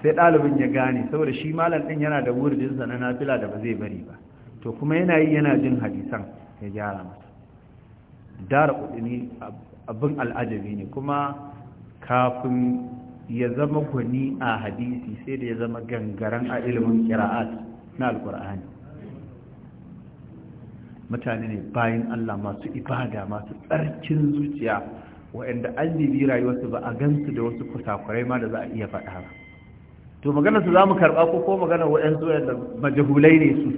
sai ɗalibin ya gane saboda shi malam ɗin yana da wurin na fila da ba zai bari ba to kuma yana yi yana jin hadisan ya gyara masa dara ne abin al'ajabi ne kuma kafin ya zama gwani a hadisi sai da ya zama gangaren a ilimin kira'at na alkur'ani mutane ne bayan allah masu ibada masu tsarkin zuciya waɗanda an jibi rayuwarsu ba a gansu da wasu kusakurai ma da za a iya faɗa ba to magana su za mu karɓa ko ko magana waɗansu waɗanda majahulai ne su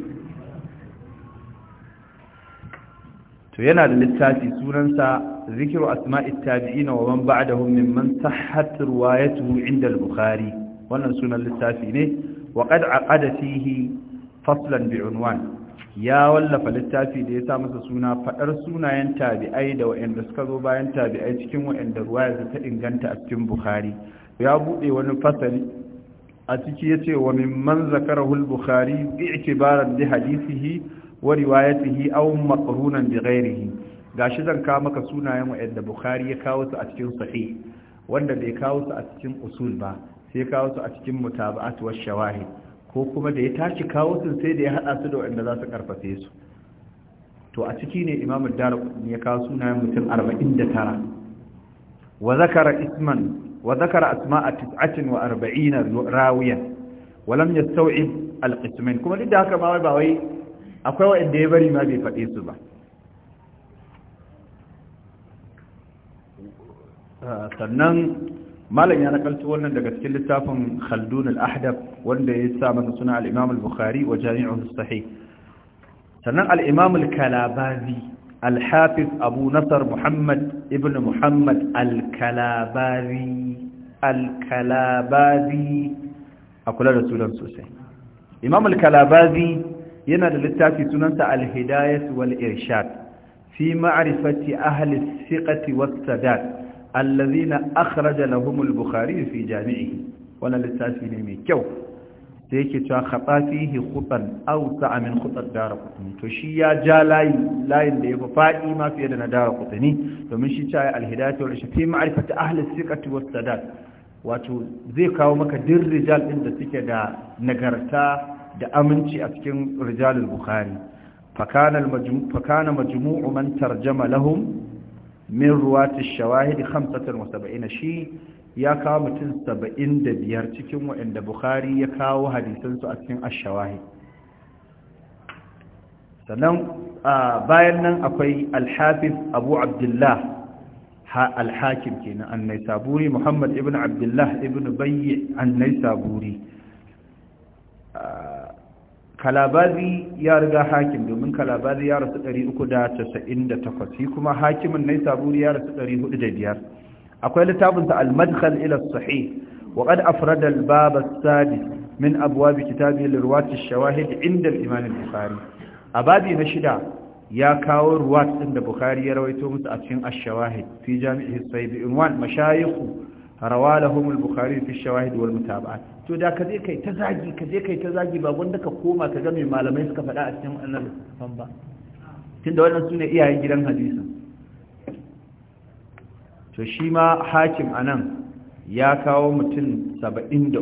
to yana da littafi sunansa ذكر أسماء التابعين ومن بعدهم ممن صحت روايته عند البخاري وننسون للتافين وقد عقد فيه فصلا بعنوان يا wallafa littafi da ya sa masa suna faɗar sunayen tabi'ai da wa'anda suka zo bayan tabi'ai cikin wa'anda da ta inganta a cikin Bukhari ya bude wani fasali a ciki yace wa mimman zakarahu al-Bukhari hadisihi wa riwayatihi aw maqrunan bi gashi zan kawo maka sunayen wa'anda bukhari ya kawo su a cikin sahih wanda bai kawo su a cikin usul ba sai kawo su a cikin mutaba'at wa shawahid ko kuma da ya tashi kawo su sai da ya hada su da wa'anda za su karfafe su to a ciki ne imamu darqutni ya kawo sunayen mutum 49 wa zakara isman wa zakara asma'a 49 rawiyan walam yastaw'ib al-qismain kuma duk da haka ma ba wai akwai wa'anda ya bari ma bai fade su ba Ah, sannan malam ya nakalto wannan daga cikin littafin khaldun al-ahdab wanda ya sa masa suna al-imam al-bukhari wa jami'uhu sahih sannan al-imam al-kalabazi al-hafiz abu nasr muhammad ibn muhammad al-kalabazi al-kalabazi a kula da sunan sosai imam al-kalabazi yana da littafi sunansa al-hidayat wal-irshad fi ma'rifati ahli as-siqati was-sadat allazina akhraja lahum al-bukhari fi jami'ihi wannan littafi ne mai kyau da yake cewa khatafihi khutan aw sa'a min khutat darqutni to shi ya ja layi layin da yafi fadi ma fiye da na darqutni domin shi cewa al-hidayatu wal shafi ma'rifati ahli thiqati was sadat wato zai kawo maka din rijal din da suke da nagarta da aminci a cikin rijalul bukhari fakana majmu'u man tarjama lahum min ruwatun shawahidi hamsatan wa saba'ina shi ya kawo mutum saba'in da biyar cikin wa'inda bukari ya kawo hadisansu a cikin ashawahi sannan bayan nan akwai alhafif abu abdullah alhakim kenan an nai saburi muhammad ibn abdullah ibn bayyi an nai saburi kalabazi ya riga hakim domin kalabazi ya rasu 398 shi kuma hakimin nai saburi ya rasu 405 akwai littafinsa al-madkhal ila sahih wa qad afrada al-bab as-sadis min abwab kitabi lirwat ash-shawahid inda al-imam al-bukhari ababi na shida ya kawo ruwat din da bukhari ya rawaito musu a cikin ash-shawahid fi jami'i as-sayyid bi unwan mashayikh rawalahum al-bukhari fi shawahid wal mutaba'at to da kaje kai ta zagi kaje kai ta zagi ba wanda ka koma ka ga mai malamai suka faɗa a cikin annabi san ba tunda wannan sune iyayen gidan hadisi to shi ma hakim anan ya kawo mutum 73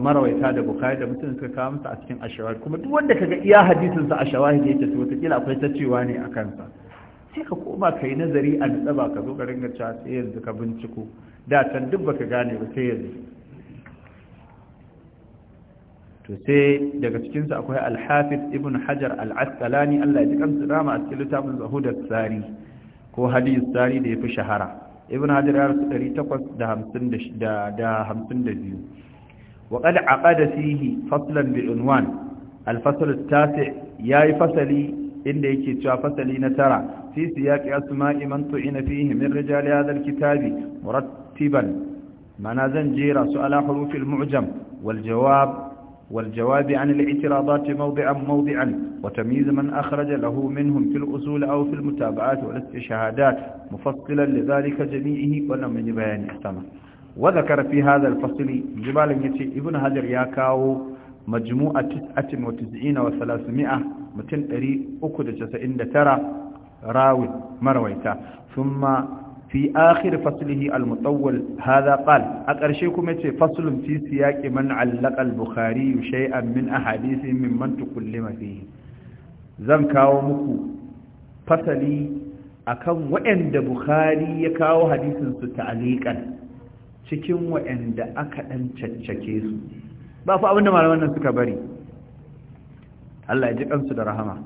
marawaita da bukhari da mutum suka kawo masa a cikin ashawahid kuma duk wanda kaga iya hadisin sa ashawahid yake to wata kila akwai ta cewa ne akan sa sai ka koma ka yi nazari a nutsa ba ka zo ka ringa cewa sai yanzu ka binciko da can duk baka gane ba sai yanzu to sai daga cikin akwai al ibn hajar al-asqalani Allah ya ji kansu rama a cikin littafin zahudat sari ko hadith sari da yafi shahara ibn hajar ya rasu 852 wa qad aqada fihi faslan bil unwan al-fasl at-tasi' yayi fasali inda yake cewa fasali na tara fi siyaqi asma'i man tu'ina fihi min rijali hadha alkitabi murattiban mana zan jira su ala huruf almu'jam wal والجواب عن الاعتراضات موضعا موضعا وتمييز من أخرج له منهم في الأصول أو في المتابعات والاستشهادات مفصلا لذلك جميعه ولم يجبان احتمل وذكر في هذا الفصل جبال يتي ابن هجر ياكاو majmu'a tis'atin wa tis'ina wa salasumi'a mutum 399 rawi marwaita thumma fi akhir faslihi al-mutawwal hadha qala a ƙarshe kuma ce faslunci su yaƙi man allaqa al-bukhari shay'an min ahadithi mimman tukullima fihi zan kawo muku fasali a kan waɗanda bukhari ya kawo hadisin su aliƙan cikin waɗanda aka ɗan caccake su ba fa abinda malaman nan suka bari Allah ya kansu da rahama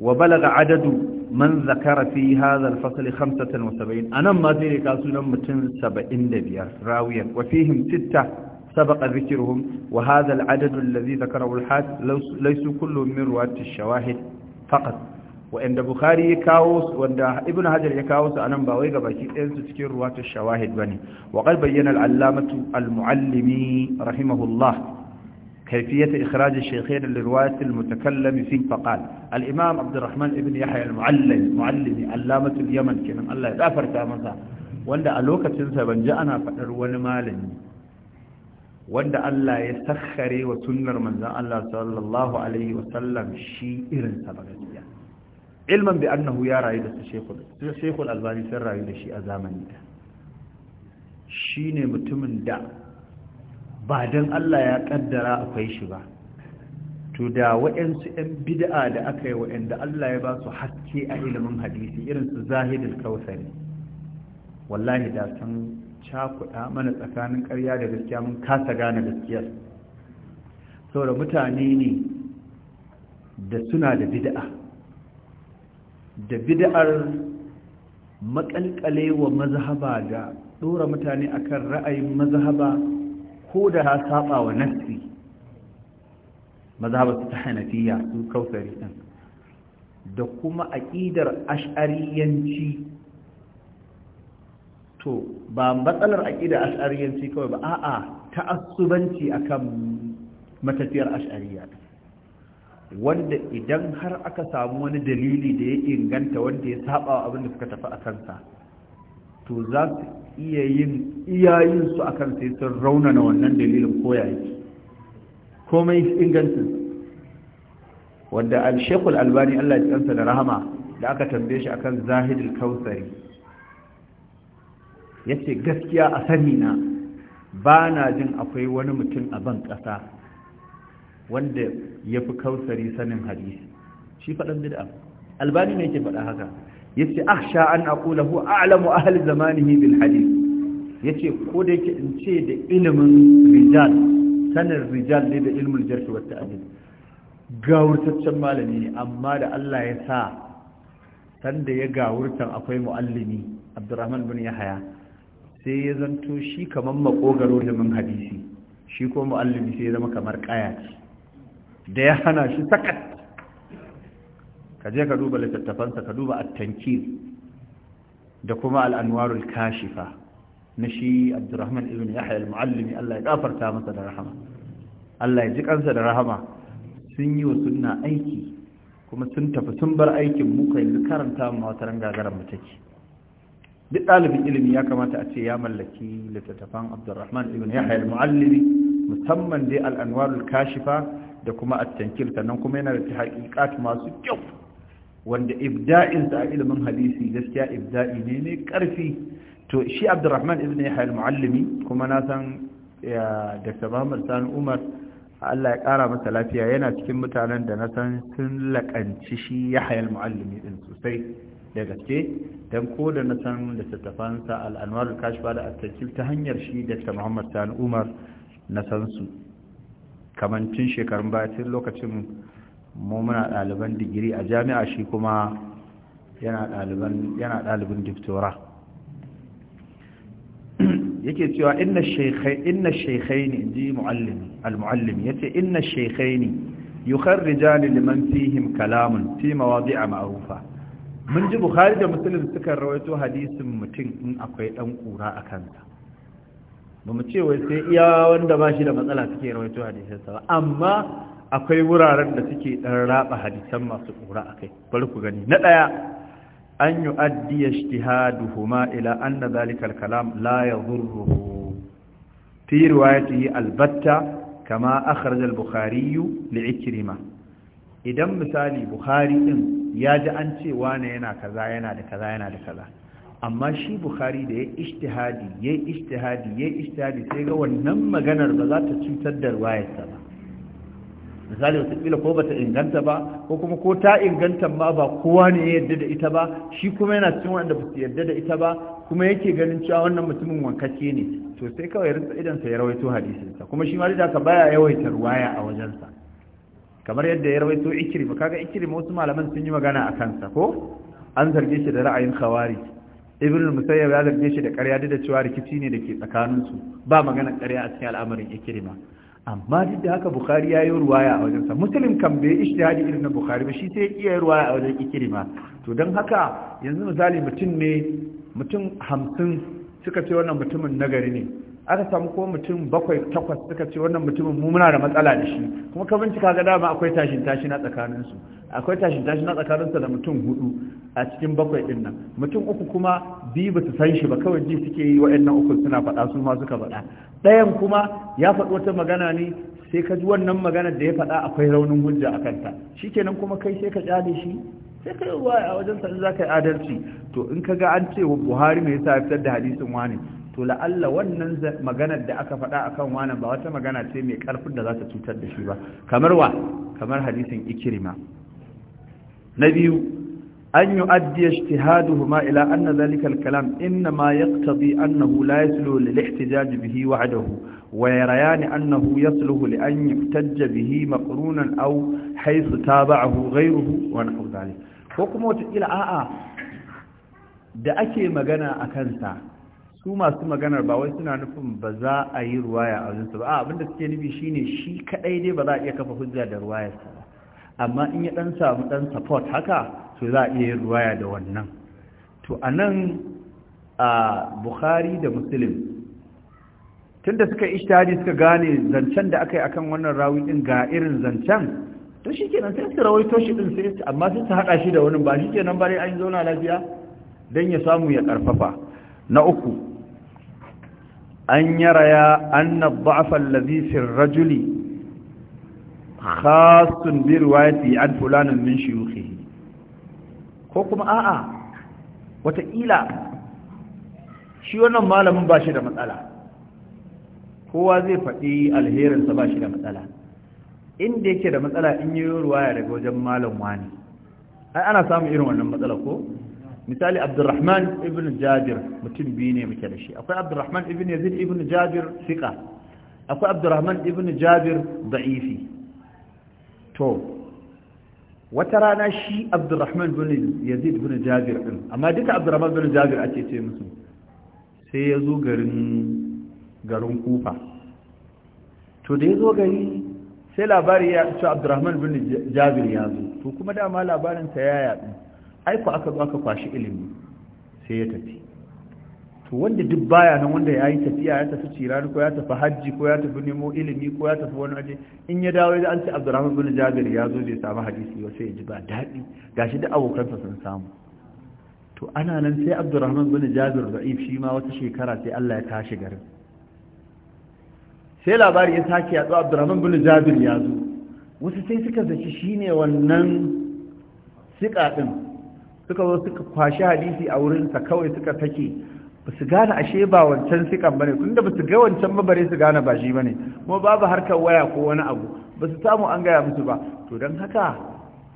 wa balaga adadu man zakara fi hadha al-fasl 75 anan ma zai sunan mutum 75 da biyar fihim sitta sabaqa dhikruhum wa hadha adadu alladhi dhakara al-hadith laysa kullu min ruwati ash-shawahid faqat waɗanda bukhari ya kawo wanda ibn hajar ya kawo su anan ba wai ga baki ɗayan su cikin ruwa ta shawahid bane wa qad bayyana al-allamatu al-muallimi rahimahullah kayfiyat ikhraj ash-shaykhayn lirwayat al-mutakallim fi faqal al-imam abd ibn yahya al-muallim muallimi allamatu yaman kenan Allah ya dafarta masa wanda a lokacin sa banja ana fadar wani malami wanda Allah ya sakhare wa sunnar manzon Allah sallallahu alaihi wasallam shi irin sa ba ilman bi annahu ya rayu da su shekul albani sun rayu da shi a zamani da shi ne mutumin da ba don Allah ya kaddara akwai shi ba to da waɗansu 'yan bid'a da aka yi waɗanda Allah ya ba su haske a ilimin hadisi irin su zahidul kausari wallahi da sun cakuɗa mana tsakanin ƙarya da gaskiya mun kasa gane gaskiyar saboda mutane ne da suna da bid'a da bid'ar makalkale wa mazhaba da dora mutane akan ra'ayin mazhaba ko da ha saba wa nafsi mazhaba ta hanafiya su kausari din da kuma aqidar ash'ariyanci to ba matsalar aqida ash'ariyanci kawai ba a'a ta'assubanci akan matafiyar ash'ariya wanda idan har aka samu wani dalili da ya inganta wanda ya saba wa abin da suka tafi a kansa to za su iya yin iyayen su akan sai sun raunana wannan dalilin koyayi komai ingancin wanda al-shekul albani Allah ya tsansa da rahama da aka tambaye shi akan zahidul kausari yace gaskiya a sani na bana jin akwai wani mutum a ban ƙasa wanda ya fi kausari sanin hadisi shi faɗan bid'a albani ne yake faɗa haka yace sha'an an ƙula, hu a'lamu ahli zamanihi bil hadith yace ko da yake in ce da ilimin rijal sanin rijal ne da ilmul jarh wa ta'dil gawurtaccen malami ne amma da Allah ya sa sanda ya gawurtan akwai muallimi Abdurrahman bin Yahya sai ya zanto shi kamar makogaro da mun hadisi shi ko muallimi sai ya zama kamar ƙaya. da ya hana shi sakat ka je ka duba littattafansa ka duba at da kuma al-anwarul kashifa na shi Abdurrahman ibn Yahya al-Muallimi Allah ya gafarta masa da rahama Allah ya ji kansa da rahama sun yi wa sunna aiki kuma sun tafi sun bar aikin mu kai karanta ma wata rangagaran mu take duk ɗalibin ilimi ya kamata a ce ya mallaki littattafan Abdurrahman ibn Yahya al-Muallimi musamman dai al-anwarul kashifa da kuma a tankil sannan kuma yana da haƙiƙat masu kyau wanda ibda'in sa a ilimin hadisi gaskiya ibda'i ne ne karfi to shi Abdurrahman ibn Yahya al-Muallimi kuma na san Dr. Muhammad san Umar Allah ya kara masa lafiya yana cikin mutanen da na san sun laƙanci shi Yahya al-Muallimi din sosai da gaske dan ko da na san da tattafansa al-Anwar al-Kashfa da at ta hanyar shi Dr. Muhammad san Umar na san su kamar tun shekarun baya tun lokacin mu muna ɗaliban digiri a jami'a shi kuma yana ɗaliban diktora yake cewa inna shaikhai ne ji al-mu'allimi ya ce inna shaikhai ne yi ne liman fihim kalamun fi mawazi a ma'arufa mun ji buhari da musulun suka rawaito hadisin mutum in akwai ɗan ƙura a kanta. ba mu ce wai sai iya wanda ba shi da matsala suke rawaito hadisansa ba amma akwai wuraren da suke ɗan raba hadisan masu ƙura a kai bari ku gani na ɗaya an yi addiya shtihaduhuma ila anna zalikal kalam la yadhurruhu fi riwayatihi albatta kama akhraj al-bukhari li ikrima idan misali bukhari din ya ji an ce ne yana kaza yana da kaza yana da kaza amma shi bukhari da ya ishtihadi ya ishtihadi ya ishtihadi sai ga wannan maganar ba za ta cutar da ruwayarsa ba misali wataƙila ko bata inganta ba ko kuma ko ta inganta ma ba kowa ne ya yarda da ita ba shi kuma yana cikin wanda ba su yarda da ita ba kuma yake ganin cewa wannan mutumin wankake ne to sai kawai rinsa idan sa ya rawaito hadisinsa kuma shi ma da ka baya yawaita ruwaya a wajensa kamar yadda ya rawaito ikirima kaga ikirima wasu malaman sun yi magana a kansa ko an zarge shi da ra'ayin khawarij ibn musayyab ya zarge shi da ƙarya duk da cewa rikici ne da ke tsakaninsu ba magana ƙarya a cikin al'amarin ikrima amma duk da haka bukhari ya yi ruwaya a wajensa muslim kan bai ishtihadi irin na bukhari ba shi sai ya iya ruwaya a wajen ikrima to don haka yanzu misali mutum ne mutum hamsin suka ce wannan mutumin nagari ne aka samu ko mutum bakwai takwas suka ce wannan mutumin mu muna da matsala da shi kuma ka bincika ga dama akwai tashin tashi na tsakanin su akwai tashin tashi na tsakanin sa da mutum hudu a cikin bakwai din nan mutum uku kuma biyu ba su san shi ba kawai ji suke yi wa'annan uku suna faɗa su ma suka faɗa ɗayan kuma ya faɗi wata magana ne sai ka ji wannan maganar da ya faɗa akwai raunin hujja a kanta shikenan kuma kai sai ka kyale shi sai kai wa a wajen sanin za ka yi adalci to in ka ga an ce wa buhari mai yasa ya fitar da hadisin wani to la'alla wannan maganar da aka faɗa akan wani ba wata magana ce mai ƙarfin da za ta cutar da shi ba kamar wa kamar hadisin ikirima na biyu an yi addiya ijtihaduhu ila anna zalika al-kalam inna ma yaqtadi annahu la yaslu lil jaji bihi wahdahu wa yarayani annahu yasluhu li an tajja bihi maqrunan aw haythu tabahu hu wa nahwu dhalik ko kuma wata ila a'a da ake magana a kansa. su masu maganar ba wai suna nufin ba za a yi ruwaya a su. ba a abinda suke nufi shine shi kadai dai ba za a iya kafa hujja da su ba amma in ya dan samu dan support haka to za a iya yin ruwaya da wannan to a nan a bukhari da muslim tunda suka ishtihadi suka gane zancen da aka yi akan wannan rawi din ga irin zancen to shikenan sai su rawaito shi din sai amma sai su hada shi da wani ba shikenan bare an zauna lafiya dan ya samu ya karfafa na uku an yaraya anna dha'fa allazi fi rajuli. rajuli khassun bi riwayati an fulanin min shuyukhihi ko kuma a'a watakila. shi wannan malamin ba shi da matsala kowa zai faɗi alherinsa ba shi da matsala inda yake da matsala in yi ruwa ya daga wajen malam wani ai ana samun irin wannan matsala ko misali abdurrahman ibn jabir mutum biyu ne muke da shi akwai abdurrahman ibn yazid ibn jabir fiqa akwai abdurrahman ibn jabir da'ifi to wata rana shi abdurrahman ibn yazid ibn jabir din amma duka abdurrahman ibn jabir ake ce musu sai ya zo garin garin kufa to da ya zo gari sai labari ya ce abdurrahman ibn jabir ya zo to kuma dama labarin ta ya yaɗu aiko aka zo aka kwashi ilimi sai ya tafi to wanda duk baya nan wanda ya yi tafiya ya tafi cirani ko ya tafi hajji ko ya tafi nemo ilimi ko ya tafi wani aje in ya dawo ya an ce abdurrahman bin jabir ya zo bai samu hadisi ba sai ya ji ba daɗi gashi duk abokansa sun samu to ana nan sai abdurrahman bin jabir da'if shi ma wata shekara sai Allah ya tashi garin sai labari ya sake ya zo abdurrahman bin jabir ya zo wasu sai suka zaci shine wannan siƙa din suka zo suka kwashi hadisi a wurinsa kawai suka take ba su gane ashe ba wancan sikan ne. tunda ba su ga wancan ba bare su gane ba shi ne kuma babu harkar waya ko wani abu ba su samu an gaya musu ba to don haka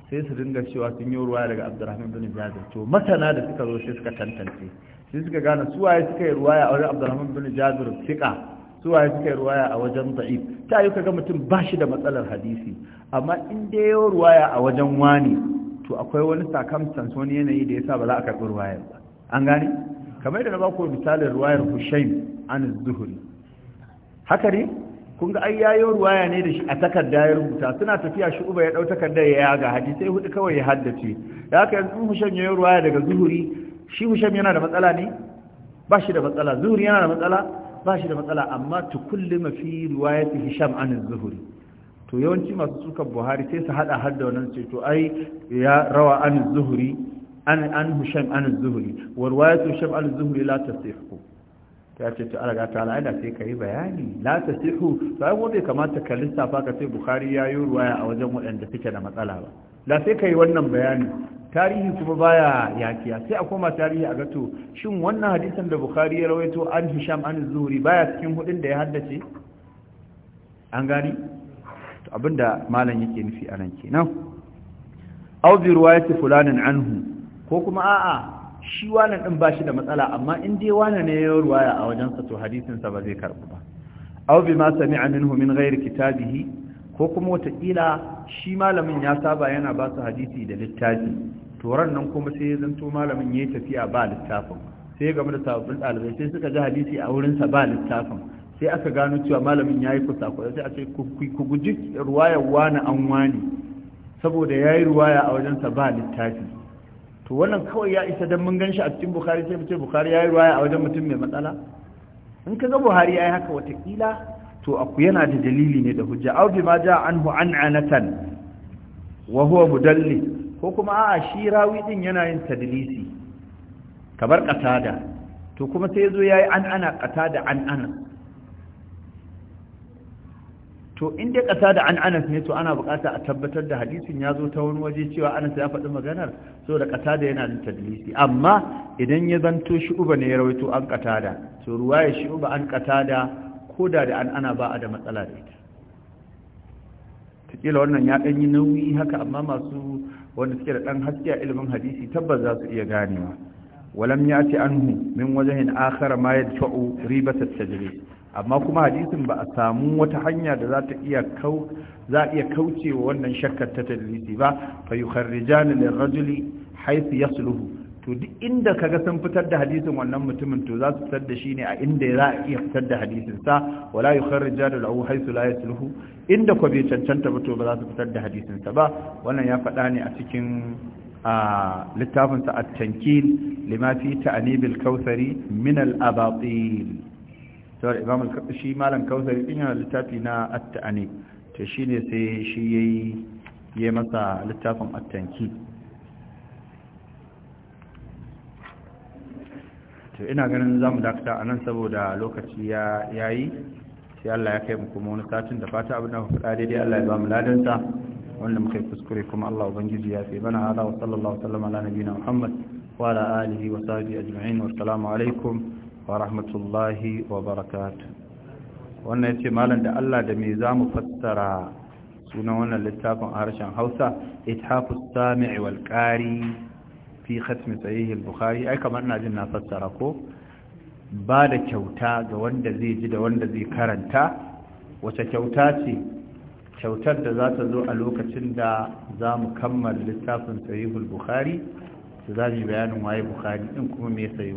sai su dinga cewa sun yi ruwaya daga abdurrahman bin jazir to masana da suka zo shi suka tantance sai suka gane waye suka yi ruwaya a wajen abdurrahman bin jazir sika Su waye suka yi ruwaya a wajen da'if ta yi ga mutum ba shi da matsalar hadisi amma in dai ya ruwaya a wajen wani to akwai wani circumstance wani yanayi da yasa ba za a karɓi ruwayar ba an gane kamar da na ba ku misalin ruwayar Hushaim an zuhuri. haka ne kun ga ai yayo ruwaya ne da shi a takarda ya rubuta suna tafiya shi uba ya dau takarda ya yaga sai hudu kawai ya haddace Ya haka yanzu Hushaim yayo ruwaya daga zuhuri, shi Hushaim yana da matsala ne ba shi da matsala Zuhuri yana da matsala ba shi da matsala amma tukullima fi riwayati Hisham an zuhuri to yawanci masu sukan buhari sai su hada har da wannan ce to ai ya rawa an zuhuri an an husham an zuhuri warwayatu husham an zuhuri la tasihu ta ce to alaga ta al'ada sai kai bayani la tasihu to ai wanda kamata ka lissafa ka sai buhari ya yi ruwaya a wajen waɗanda suke da matsala ba la sai kai wannan bayani tarihi kuma baya yakiya sai a koma tarihi a gato shin wannan hadisan da bukhari ya rawaito an hisham an zuhri baya cikin hudin da ya haddace an gani abinda malam yake nufi a nan kenan aw bi fulanin anhu ko kuma a'a shi wannan din shi da matsala amma in dai wannan ne ya ruwaya a wajen sa to hadisin sa ba zai karbu ba aw bi ma sami'a minhu min ghairi kitabihi ko kuma wata kila shi malamin ya saba yana ba su hadisi da littafi to nan kuma sai ya zanto malamin yayi tafiya ba littafin sai game da sabbin ɗalibai sai suka ji hadisi a wurinsa ba littafin sai aka gano cewa malamin ya yi kusa sai a ce ku guji ruwaya wani an wani saboda ya yi ruwaya a wajensa ba littafi to wannan kawai ya isa don mun ganshi a cikin bukari sai fice bukari ya yi ruwaya a wajen mutum mai matsala in ka ga buhari ya yi haka watakila to aku yana da dalili ne da hujja au ma ja an anatan wa huwa mudalli ko kuma a'a shi rawi din yana yin tadlisi kamar qatada to kuma sai yazo yayi an ana qatada an ana to in dai ƙasa da an anas ne to ana buƙata a tabbatar da hadisin ya zo ta wani waje cewa anas ya faɗi maganar so da ƙasa da yana da tadlisi amma idan ya zanto shi uba ne ya rawaito an ƙata da to ruwa ya shi uba an ƙata da ko da da an ana ba a da matsala da ita takila wannan ya ɗanyi yi nauyi haka amma masu wanda suke da ɗan haske a ilimin hadisi tabbas za su iya ganewa walam ya ce anhu min wajen akhara ma ya ribatar tajlis amma kuma hadisin ba a samu wata hanya da za ta iya kau za a iya kaucewa wannan shakkar ta tadlisi ba fa yukharrijani lirrajuli haythu yasluhu to duk inda kaga sun fitar da hadisin wannan mutumin to za su fitar da shi ne a inda za a iya fitar da hadisin sa wala yukharrijani lahu haythu la yasluhu inda ko bai cancanta ba to ba za su fitar da hadisin sa ba wannan ya faɗa ne a cikin a littafinsa at-tankil lima fi ta'nibil kautsari min al-abatil saboda imam shi malam kausari din yana littafi na at-ta'ani to shine sai shi ya yayi masa littafin attanki tanki to ina ganin zamu dakata anan saboda lokaci ya yayi sai Allah ya kai mu kuma wani satin da fata abin da ku fada daidai Allah ya ba mu ladan wanda muka yi kuskure kuma Allah ubangiji ya fi bana hada wa sallallahu alaihi wa sallam ala Muhammad wa ala alihi wa sahbihi ajma'in wa assalamu alaikum wa rahmatullahi wa barakatu wannan ya ce malam da Allah da me za mu fassara sunan wannan littafin a harshen hausa ithafus sami wal qari fi khatmi sahih al-bukhari ai kamar ina jin na fassara ko ba da kyauta ga wanda zai ji da wanda zai karanta wace kyauta ce kyautar da za ta zo a lokacin da za mu kammala littafin sahihul bukhari za mu bayanin waye bukhari din kuma me sayi